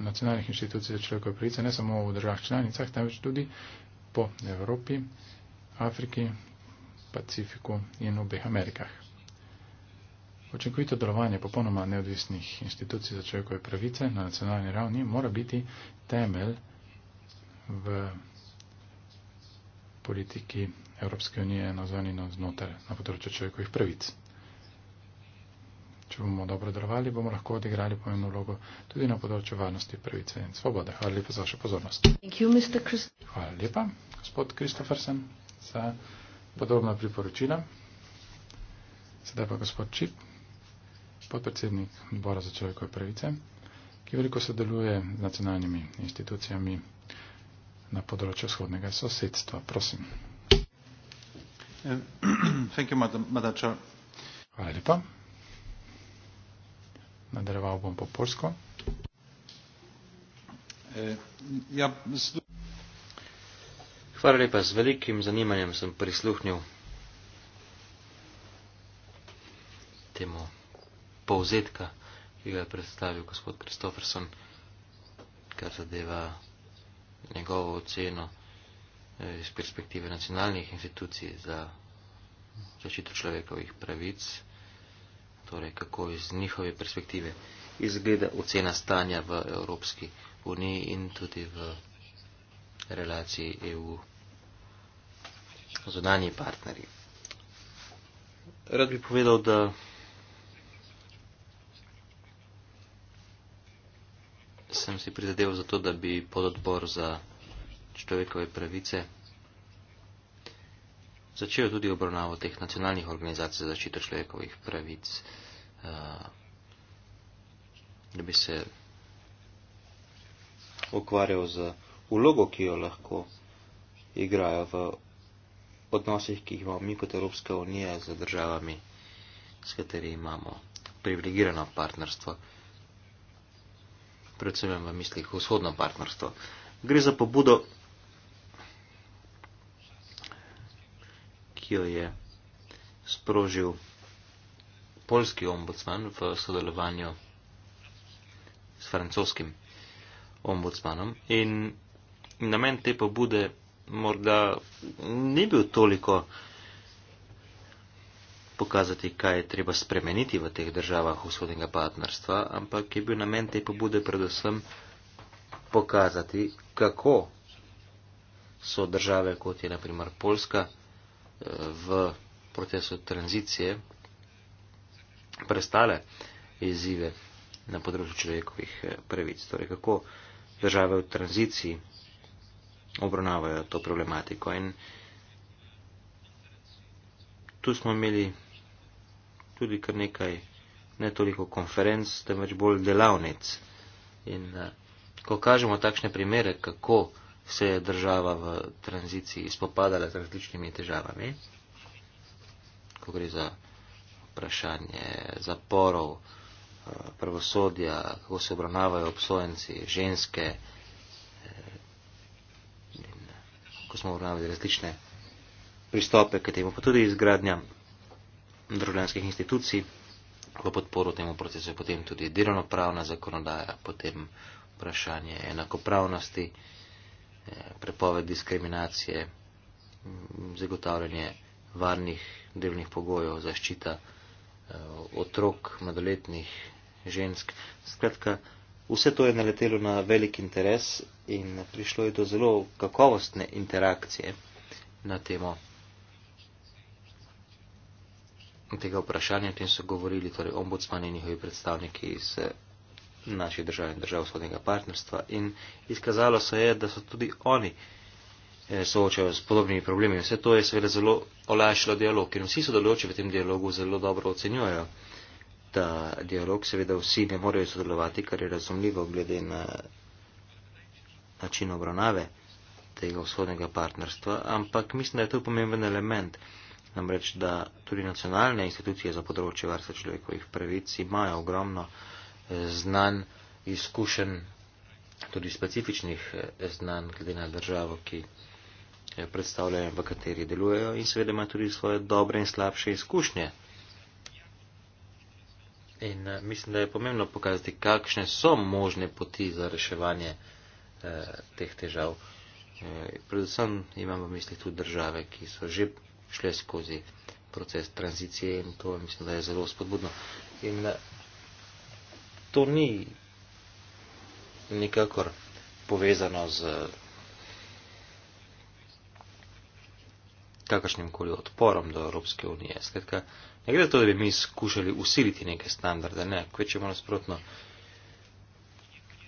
nacionalnih inštitucij za človekove pravice, ne samo v državah članicah, temveč tudi po Evropi, Afriki, Pacifiku in obeh Amerikah. Očinkovito delovanje popolnoma neodvisnih institucij za človekove pravice na nacionalni ravni mora biti temelj v politiki Evropske unije na zani znotraj na področju človekovih pravic. Če bomo dobro delovali, bomo lahko odigrali pomembno vlogo tudi na področju varnosti, pravice in svobode. Hvala lepa za vašo pozornost. You, Hvala lepa, gospod Kristofersen, za podrobna priporočila. Sedaj pa gospod Čip, podpredsednik odbora za človekove pravice, ki veliko sodeluje z nacionalnimi institucijami na področju vzhodnega sosedstva. Prosim. Hvala lepa. Nadaljeval bom po polsko. E, ja, Hvala lepa, z velikim zanimanjem sem prisluhnil temu povzetka, ki ga je predstavil gospod Kristoferson, kar zadeva njegovo oceno. Eh, iz perspektive nacionalnih institucij za zaščito človekovih pravic, torej kako iz njihove perspektive izgleda ocena stanja v Evropski uniji in tudi v relaciji EU zunanji partnerji. Rad bi povedal, da sem si prizadeval za to, da bi pododbor za človekove pravice, začel tudi obravnavo teh nacionalnih organizacij za zaščito človekovih pravic, eh, da bi se ukvarjal z ulogo, ki jo lahko igrajo v odnosih, ki jih imamo mi kot Evropska unija z državami, s katerimi imamo privilegirano partnerstvo, predvsem v mislih vzhodno partnerstvo. Gre za pobudo ki jo je sprožil polski ombudsman v sodelovanju s francoskim ombudsmanom. In namen te pobude morda ni bil toliko pokazati, kaj je treba spremeniti v teh državah vzhodnega partnerstva, ampak je bil namen te pobude predvsem pokazati, kako so države, kot je naprimer Poljska, v procesu tranzicije prestale izzive na področju človekovih eh, pravic. Torej, kako države v tranziciji obravnavajo to problematiko. In tu smo imeli tudi kar nekaj, ne toliko konferenc, temveč bolj delavnic. In eh, ko kažemo takšne primere, kako se je država v tranziciji spopadala z različnimi težavami, ko gre za vprašanje zaporov, eh, pravosodja, kako se obravnavajo obsojenci, ženske, eh, ko smo obravnavali različne pristope k temu, pa tudi izgradnja državljanskih institucij v podporu temu procesu, potem tudi delovno pravna zakonodaja, potem vprašanje enakopravnosti prepoved diskriminacije, zagotavljanje varnih delovnih pogojev, zaščita eh, otrok, mladoletnih, žensk. Skratka, vse to je naletelo na velik interes in prišlo je do zelo kakovostne interakcije na temo tega vprašanja. O tem so govorili torej ombudsmani in njihovi predstavniki iz naših držav in držav vzhodnega partnerstva in izkazalo se je, da so tudi oni eh, soočajo s podobnimi problemi. Vse to je seveda zelo olajšalo dialog, ker vsi sodelujoči v tem dialogu zelo dobro ocenjujejo ta dialog. Seveda vsi ne morejo sodelovati, kar je razumljivo glede na način obravnave tega vzhodnega partnerstva, ampak mislim, da je to pomemben element. Namreč, da tudi nacionalne institucije za področje varstva človekovih pravic imajo ogromno znanj, izkušenj, tudi specifičnih eh, znanj, glede na državo, ki eh, predstavljajo, v kateri delujejo in seveda ima tudi svoje dobre in slabše izkušnje. In eh, mislim, da je pomembno pokazati, kakšne so možne poti za reševanje eh, teh težav. Eh, predvsem imam v mislih tudi države, ki so že šle skozi proces tranzicije in to mislim, da je zelo spodbudno. In to ni nikakor povezano z kakršnim koli odporom do Evropske unije. Skratka, ne gre za to, da bi mi skušali usiliti neke standarde, ne, kvečemo nasprotno.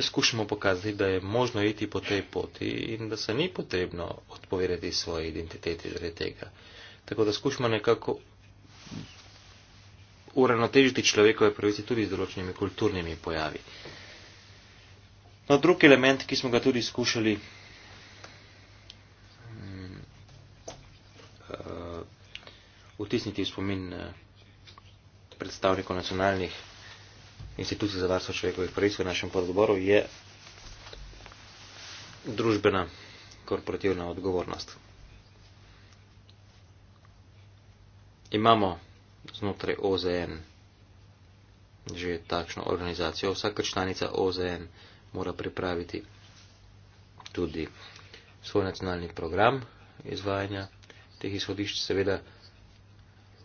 Skušamo pokazati, da je možno iti po tej poti in da se ni potrebno odpovedati svoje identitete zaradi tega. Tako da skušamo nekako uravnotežiti človekove pravice tudi z določenimi kulturnimi pojavi. No, drugi element, ki smo ga tudi skušali um, uh, vtisniti v spomin uh, predstavnikov nacionalnih institucij za varstvo človekovih pravic v našem podboru, je družbena korporativna odgovornost. Imamo znotraj OZN. Že takšno organizacijo vsaka članica OZN mora pripraviti tudi svoj nacionalni program izvajanja teh izhodišč. Seveda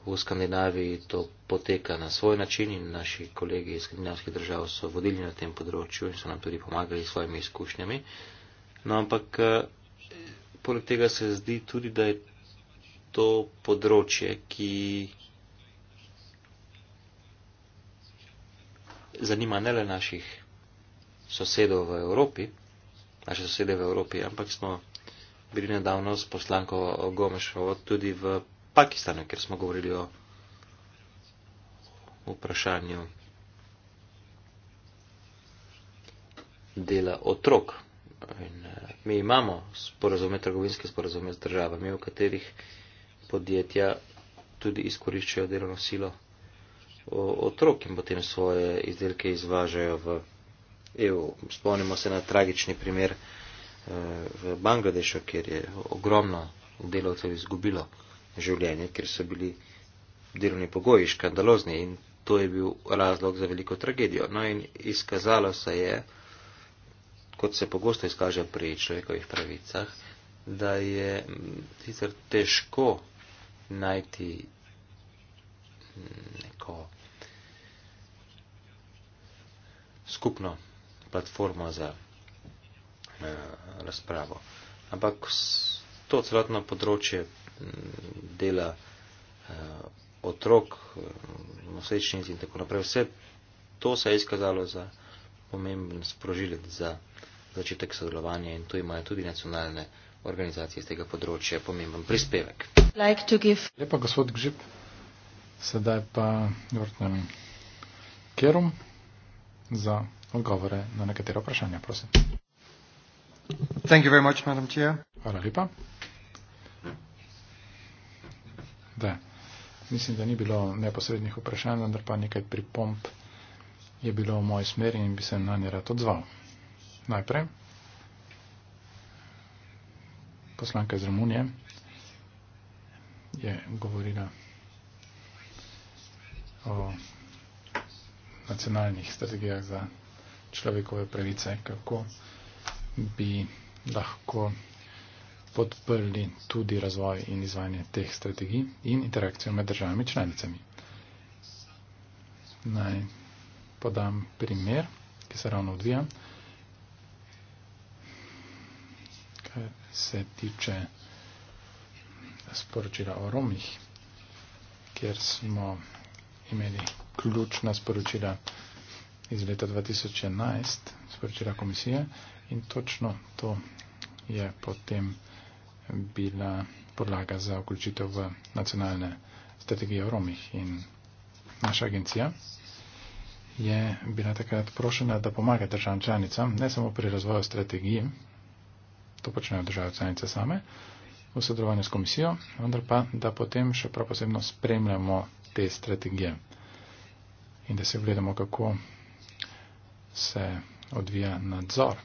v Skandinaviji to poteka na svoj način in naši kolegi iz skandinavskih držav so vodili na tem področju in so nam tudi pomagali s svojimi izkušnjami. No, ampak eh, poleg tega se zdi tudi, da je to področje, ki zanima ne le naših sosedov v Evropi, naše sosede v Evropi, ampak smo bili nedavno s poslanko Gomešovo tudi v Pakistanu, ker smo govorili o vprašanju dela otrok. In eh, mi imamo sporazume, trgovinske sporazume z državami, v katerih podjetja tudi izkoriščajo delovno silo otrok in potem svoje izdelke izvažajo v EU. Spomnimo se na tragični primer eh, v Bangladešu, kjer je ogromno delavcev izgubilo življenje, ker so bili delovni pogoji škandalozni in to je bil razlog za veliko tragedijo. No in izkazalo se je, kot se pogosto izkaže pri človekovih pravicah, da je mm, sicer težko najti mm, neko skupno platformo za eh, razpravo. Ampak to celotno področje mm, dela eh, otrok, eh, nosečnic in tako naprej, vse to se je izkazalo za pomemben sprožilec za začetek sodelovanja in tu imajo tudi nacionalne organizacije z tega področja pomemben prispevek. Like to give. Lepa gospod Gžip, sedaj pa vrtnem kerom za odgovore na nekatera vprašanja. Prosim. Thank you very much, madam chair. Hvala lepa. Da. Mislim, da ni bilo neposrednih vprašanj, vendar pa nekaj pripomp je bilo v moji smeri in bi se na nje rad odzval. Najprej. Poslanka iz Romunije je govorila o nacionalnih strategijah za človekove pravice, kako bi lahko podprli tudi razvoj in izvajanje teh strategij in interakcijo med državami članicami. Naj podam primer, ki se ravno odvija, kar se tiče sporočila o Romih, kjer smo imeli ključna sporočila iz leta 2011, sporočila komisije in točno to je potem bila podlaga za vključitev v nacionalne strategije o Romih in naša agencija je bila takrat prošena, da pomaga državam članicam, ne samo pri razvoju strategije, to počnejo države članice same, v sodelovanju s komisijo, vendar pa, da potem še prav posebno spremljamo te strategije in da se gledamo, kako se odvija nadzor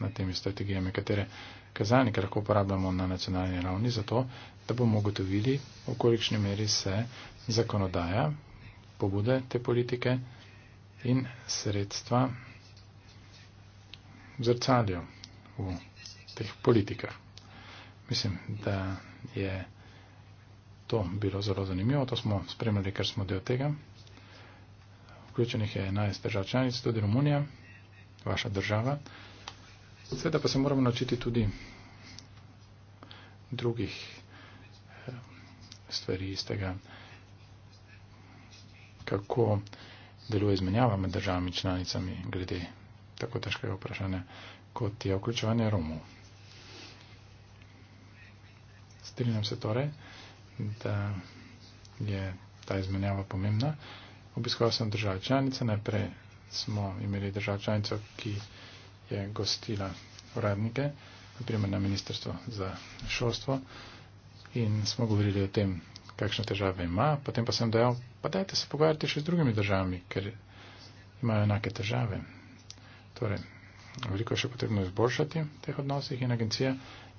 nad temi strategijami, katere kazalnike lahko uporabljamo na nacionalni ravni za to, da bomo ugotovili, v kolikšni meri se zakonodaja, pobude te politike in sredstva zrcalijo v teh politikah mislim, da je to bilo zelo zanimivo. To smo spremljali, ker smo del tega. Vključenih je 11 držav članic, tudi Romunija, vaša država. Sveda pa se moramo naučiti tudi drugih eh, stvari iz tega, kako deluje izmenjava med državami članicami glede tako težkega vprašanja, kot je vključevanje Romov. Strinjam se torej, da je ta izmenjava pomembna. Obiskoval sem države članice, najprej smo imeli državo članico, ki je gostila uradnike, naprimer na Ministrstvo za šolstvo in smo govorili o tem, kakšne težave ima, potem pa sem dejal, pa dajte se pogovarjati še z drugimi državami, ker imajo enake težave. Torej, veliko je še potrebno izboljšati v teh odnosih in agencija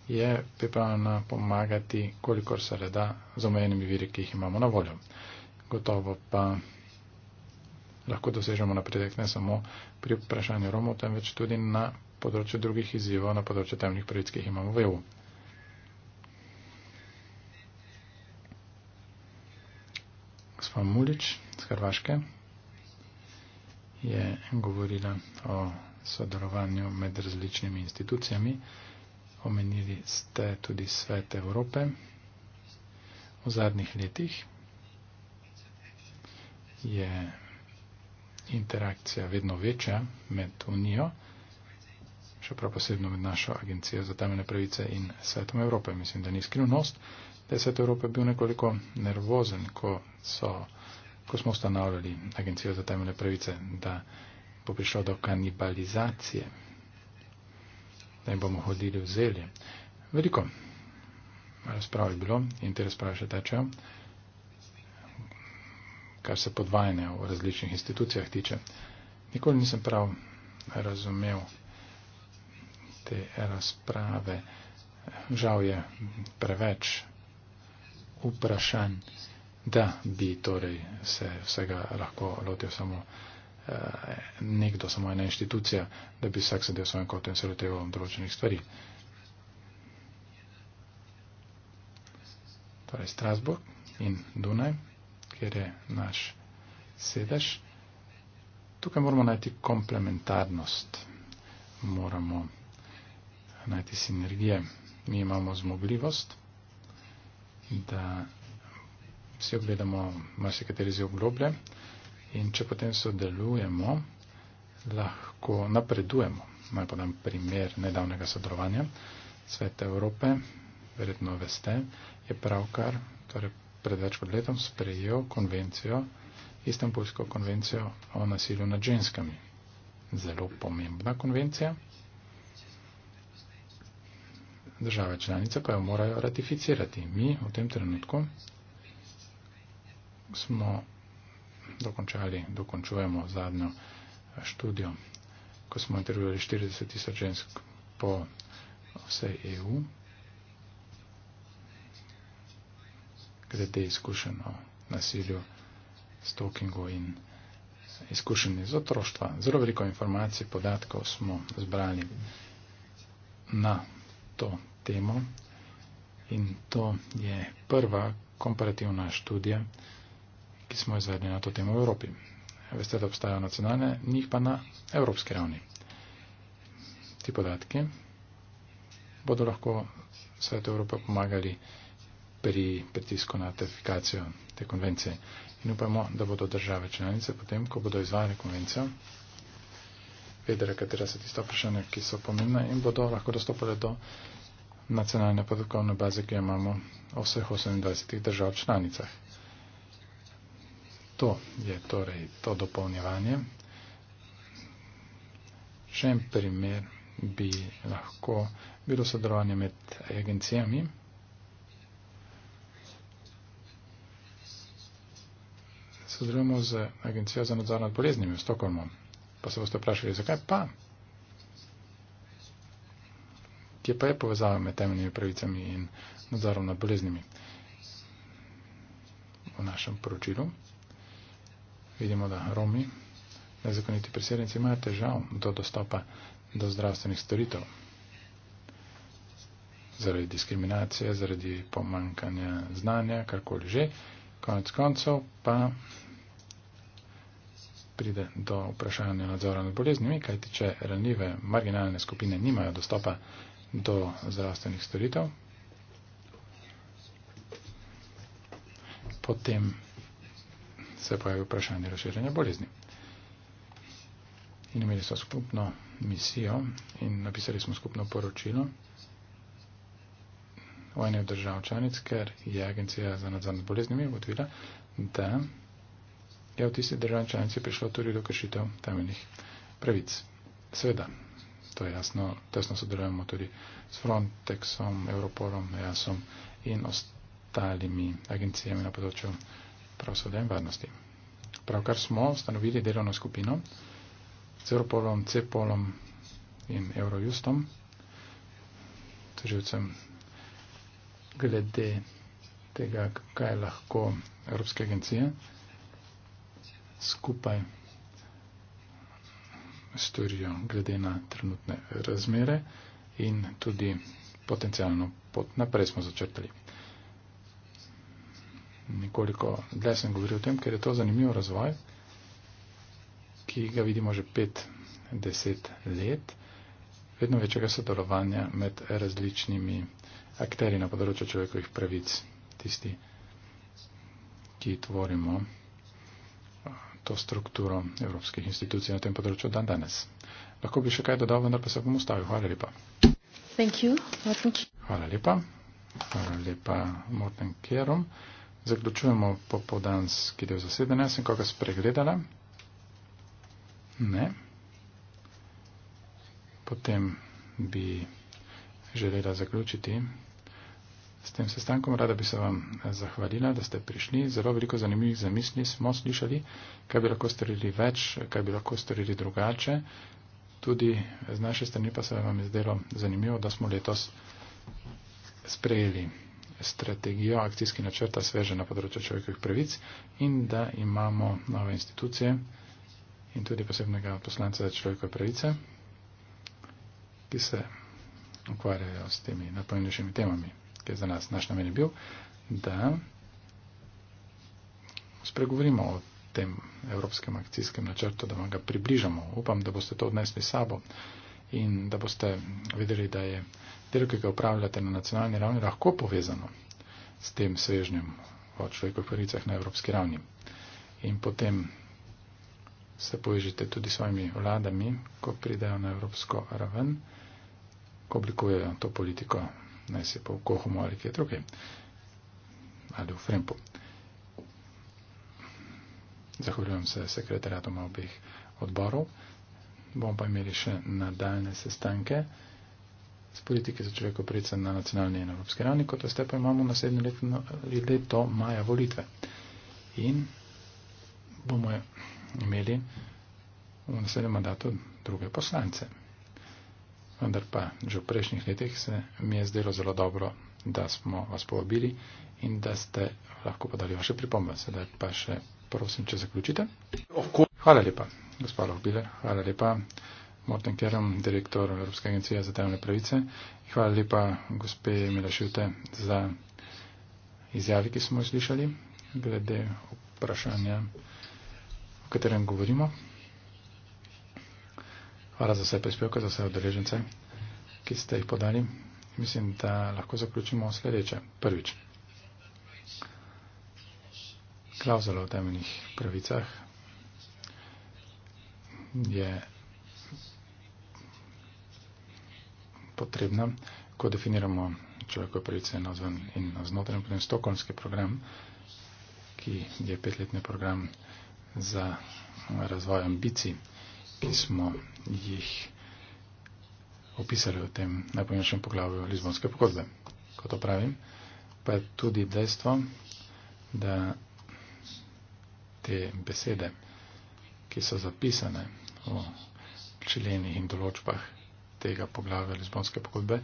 je pripravljena pomagati, kolikor se le da, z omejenimi viri, ki jih imamo na voljo. Gotovo pa lahko dosežemo napredek ne samo pri vprašanju Romov, temveč tudi na področju drugih izzivov, na področju temnih pravic, ki jih imamo v EU. Gospa Mulič z Hrvaške je govorila o sodelovanju med različnimi institucijami omenili ste tudi svet Evrope v zadnjih letih je interakcija vedno večja med Unijo, še prav posebno med našo agencijo za temeljne pravice in svetom Evrope. Mislim, da ni skrivnost, da je svet Evrope bil nekoliko nervozen, ko, so, ko smo ustanavljali agencijo za temeljne pravice, da bo prišlo do kanibalizacije da jim bomo hodili v zelje. Veliko razprav je bilo in te razprave še tečejo, kar se podvajanja v različnih institucijah tiče. Nikoli nisem prav razumel te razprave. Žal je preveč vprašanj, da bi torej se vsega lahko lotil samo. Eh, nekdo, samo ena inštitucija, da bi vsak sedel svojim kotom in se loteval določenih stvari. Torej Strasburg in Dunaj, kjer je naš sedež. Tukaj moramo najti komplementarnost, moramo najti sinergije. Mi imamo zmogljivost, da si ogledamo, ima se kateri zelo globlje, In če potem sodelujemo, lahko napredujemo. Naj podam primer nedavnega sodelovanja. Svet Evrope, verjetno veste, je pravkar, torej pred več kot letom, sprejel konvencijo, istambulsko konvencijo o nasilju nad ženskami. Zelo pomembna konvencija. Države članice pa jo morajo ratificirati. Mi v tem trenutku smo dokončali, dokončujemo zadnjo eh, študijo, ko smo intervjuvali 40 tisoč žensk po vsej EU, glede izkušenj o nasilju, stalkingu in izkušenj iz otroštva. Zelo veliko informacij, podatkov smo zbrali na to temo in to je prva komparativna študija, pismo izvedli na to temo v Evropi. Veste, da obstajajo nacionalne, njih pa na evropski ravni. Ti podatki bodo lahko svetu Evrope pomagali pri pritisku na ratifikacijo te konvencije. In upamo, da bodo države članice potem, ko bodo izvajali konvencijo, vedele, katera so tista vprašanja, ki so pomembna in bodo lahko dostopale do nacionalne podatkovne baze, ki jo imamo v vseh 28 držav članicah to je torej to dopolnjevanje. Še en primer bi lahko bilo sodelovanje med agencijami. Sodelujemo z Agencijo za nadzor nad boleznimi v Stokholmu. Pa se boste vprašali, zakaj pa? Kje pa je povezava med temeljnimi pravicami in nadzorom nad boleznimi? V našem poročilu vidimo, da Romi, nezakoniti priseljenci, imajo težav do dostopa do zdravstvenih storitev zaradi diskriminacije, zaradi pomankanja znanja, karkoli že. Konec koncev pa pride do vprašanja nadzora nad boleznimi, kajti če ranljive marginalne skupine nimajo dostopa do zdravstvenih storitev, potem se pojavi vprašanje razširjanja bolezni. In imeli so skupno misijo in napisali smo skupno poročilo o eni od držav članic, ker je Agencija za nadzor nad boleznimi ugotovila, da je v tisti državi članici prišlo tudi do kršitev temeljnih pravic. Sveda, to je jasno, tesno sodelujemo tudi s Frontexom, Europolom, EASom in ostalimi agencijami na področju pravosodja in varnosti. Pravkar smo ustanovili delovno skupino z Europolom, CEPOLom in Eurojustom, tožilcem glede tega, kaj lahko Evropske agencije skupaj storijo glede na trenutne razmere in tudi potencijalno pot naprej smo začrtali nekoliko dlje sem govoril o tem, ker je to zanimiv razvoj, ki ga vidimo že 5-10 let, vedno večjega sodelovanja med različnimi akteri na področju človekovih pravic, tisti, ki tvorimo to strukturo evropskih institucij na tem področju dan danes. Lahko bi še kaj dodal, vendar pa se bom ustavil. Hvala lepa. Thank you. Thank you. Hvala lepa. Hvala lepa Morten Kerom. Zaključujemo popodanski del zasedanja. Sem koga spregledala? Ne. Potem bi želela zaključiti. S tem sestankom rada bi se vam zahvalila, da ste prišli. Zelo veliko zanimivih zamisli smo slišali, kaj bi lahko storili več, kaj bi lahko storili drugače. Tudi z naše strani pa se vam je zdelo zanimivo, da smo letos sprejeli strategijo, akcijski načrta sveže na področju človekovih pravic in da imamo nove institucije in tudi posebnega poslanca za človekove pravice, ki se ukvarjajo s temi najpomembnejšimi temami, ki je za nas naš namen bil, da spregovorimo o tem evropskem akcijskem načrtu, da vam ga približamo. Upam, da boste to odnesli sabo in da boste vedeli, da je delo, ki ga upravljate na nacionalni ravni, lahko povezano s tem svežnjem o človekovih pravicah na evropski ravni. In potem se povežite tudi s svojimi vladami, ko pridejo na evropsko raven, ko oblikujejo to politiko, naj se pa v Kohomu ali kje druge, ali v Frempu. Zahvaljujem se sekretariatom obih odborov. Bomo pa imeli še nadaljne sestanke z politike za človekov pravice na nacionalni in evropski ravni, kot veste, pa imamo naslednje leto, leto maja volitve. In bomo imeli v naslednjem mandatu druge poslance. Vendar pa že v prejšnjih letih se mi je zdelo zelo dobro, da smo vas povabili in da ste lahko podali vaše pripombe. Sedaj pa še prosim, če zaključite. Hvala lepa, gospod Lovbile. Hvala lepa. Morten Kerem, direktor Evropske agencije za temne pravice. Hvala lepa, gospe Milašute, za izjavi, ki smo jo slišali, glede vprašanja, o katerem govorimo. Hvala za vse prispevke, za vse odrežence, ki ste jih podali. Mislim, da lahko zaključimo sledeče. Prvič. Klauzula o temeljnih pravicah je potrebna, ko definiramo človekove pravice na zven in na znotraj, potem stokholmski program, ki je petletni program za razvoj ambicij, ki smo jih opisali v tem najpomembnejšem poglavju Lizbonske pogodbe. Ko to pravim, pa je tudi dejstvo, da te besede, ki so zapisane v členih in določbah tega poglavja Lizbonske pogodbe,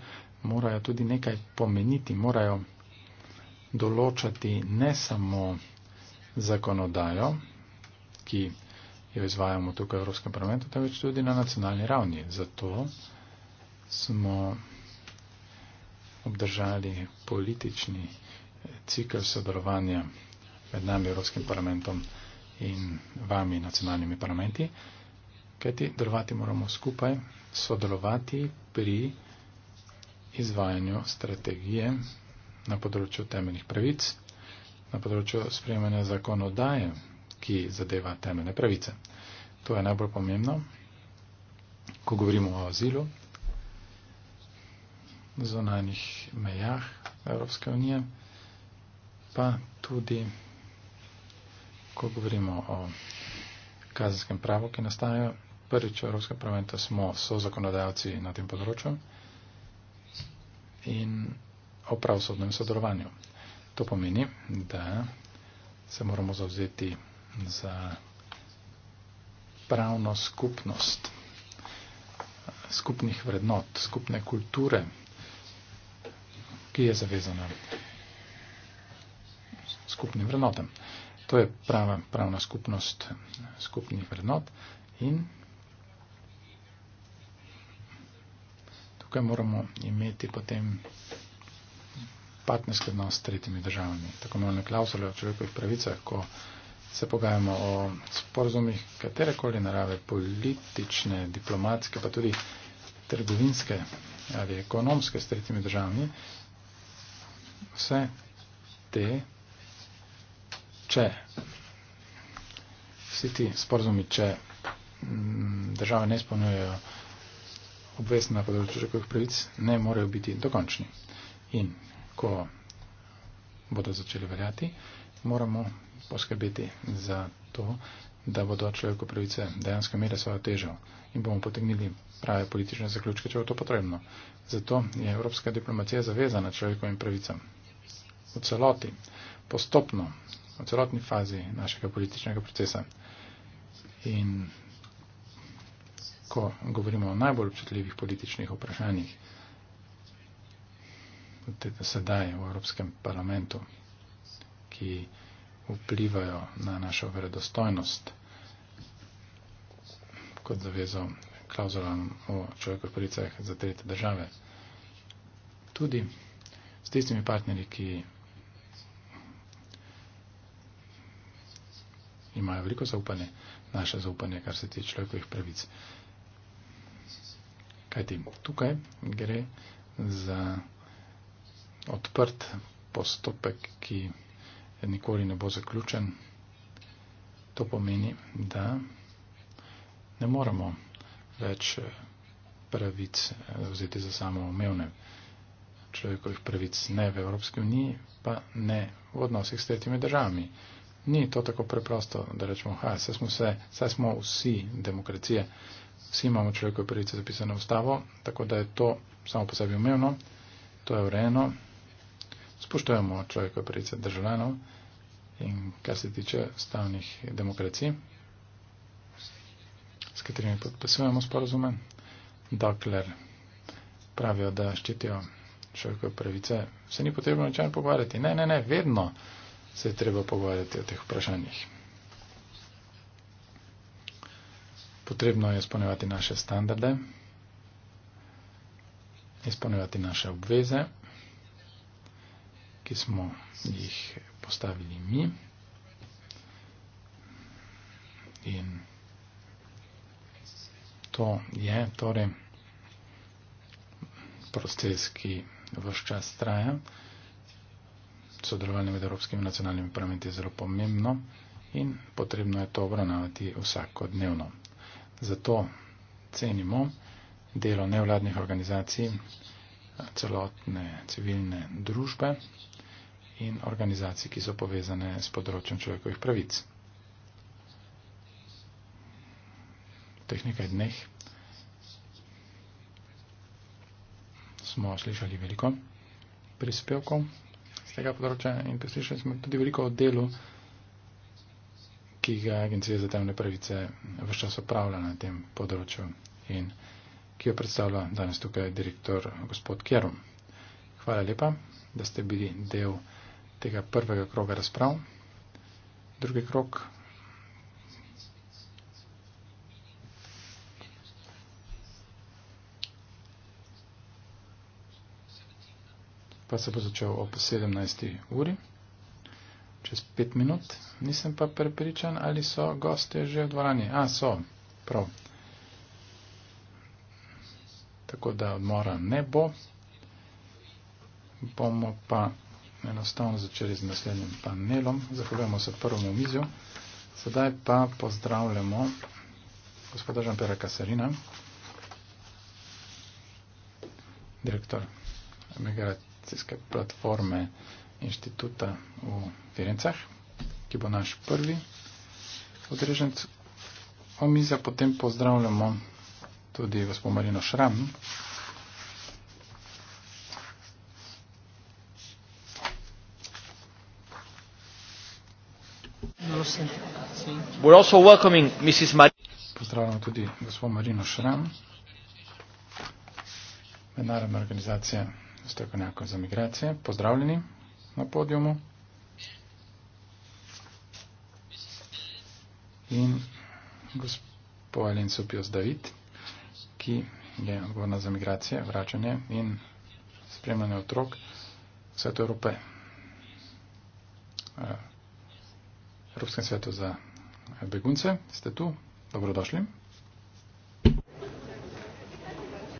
morajo tudi nekaj pomeniti, morajo določati ne samo zakonodajo, ki jo izvajamo tukaj v Evropskem parlamentu, temveč tudi na nacionalni ravni. Zato smo obdržali politični cikl sodelovanja med nami Evropskim parlamentom in vami nacionalnimi parlamenti. Kajti delovati moramo skupaj, sodelovati pri izvajanju strategije na področju temeljnih pravic, na področju sprejemanja zakonodaje, ki zadeva temeljne pravice. To je najbolj pomembno, ko govorimo o azilu, zonanih mejah Evropske unije, pa tudi, ko govorimo o kazenskem pravu, ki nastaja prvič v Evropskem parlamentu smo so zakonodajalci na tem področju in o pravosodnem sodelovanju. To pomeni, da se moramo zavzeti za pravno skupnost, skupnih vrednot, skupne kulture, ki je zavezana skupnim vrednotam. To je prava pravna skupnost skupnih vrednot in tukaj moramo imeti potem partnerski odnos s tretjimi državami. Tako imenovane klauzule o človekovih pravicah, ko se pogajamo o sporozumih katerekoli narave, politične, diplomatske, pa tudi trgovinske ali ekonomske s tretjimi državami, vse te, če vsi ti sporozumi, če m, mm, države ne izpolnjujejo, obvezni na področju človekovih pravic ne morejo biti dokončni. In ko bodo začeli veljati, moramo poskrbeti za to, da bodo človeko pravice dejansko imele svojo težo in bomo potegnili prave politične zaključke, če bo to potrebno. Zato je evropska diplomacija zavezana človekovim pravicam. V celoti, postopno, v celotni fazi našega političnega procesa. In ko govorimo o najbolj občutljivih političnih vprašanjih sedaj v Evropskem parlamentu, ki vplivajo na našo verodostojnost kot zavezo klauzulam o človekovih pravicah za tretje države. Tudi s tistimi partnerji, ki imajo veliko zaupanje, naše zaupanje, kar se tiče človekovih pravic. Kajti tukaj gre za odprt postopek, ki nikoli ne bo zaključen. To pomeni, da ne moramo več pravic vzeti za samo omevne človekovih pravic ne v Evropski uniji, pa ne v odnosih s tretjimi državami. Ni to tako preprosto, da rečemo, ha, saj smo, se, saj smo vsi demokracije, vsi imamo človekove pravice zapisane v ustavo, tako da je to samo po sebi umevno, to je urejeno, spoštujemo človekove pravice državljanov in kar se tiče stavnih demokracij, s katerimi podpisujemo sporozume, dokler pravijo, da ščitijo človekove pravice, se ni potrebno ničem pogovarjati. Ne, ne, ne, vedno se je treba pogovarjati o teh vprašanjih. Potrebno je izpolnjevati naše standarde, izpolnjevati naše obveze, ki smo jih postavili mi. In to je torej proces, ki vse čas traja. Sodelovanje med evropskimi nacionalnimi parlamenti je zelo pomembno in potrebno je to obravnavati vsakodnevno. Zato cenimo delo nevladnih organizacij, celotne civilne družbe in organizacij, ki so povezane s področjem človekovih pravic. V teh nekaj dneh smo slišali veliko prispevkov z tega področja in poslišali smo tudi veliko o delu ki ga Agencija za temne pravice vse čas upravlja na tem področju in ki jo predstavlja danes tukaj direktor gospod Kerum. Hvala lepa, da ste bili del tega prvega kroga razprav. Drugi krok. pa se bo začel ob 17. uri čez pet minut, nisem pa prepričan, ali so gosti že v dvorani. A, so, prav. Tako da odmora ne bo. Bomo pa enostavno začeli z naslednjim panelom. Zahvaljujemo se prvemu mizju. Sedaj pa pozdravljamo gospoda Žampera Kasarina, direktor migracijske platforme inštituta v Virencah, ki bo naš prvi odrežen omizja. Potem pozdravljamo tudi gospod Marino Šram, We're also welcoming Mrs. Mar Pozdravljam tudi gospod Marino Šram, mednarodna organizacija strokovnjakov za migracije. Pozdravljeni на подиуму. In gospodin Supius David, ki je odgovorna za migracije, vračanje in spremljanje otrok Svetu Evrope, eh, Evropskem svetu za begunce, ste tu, dobrodošli.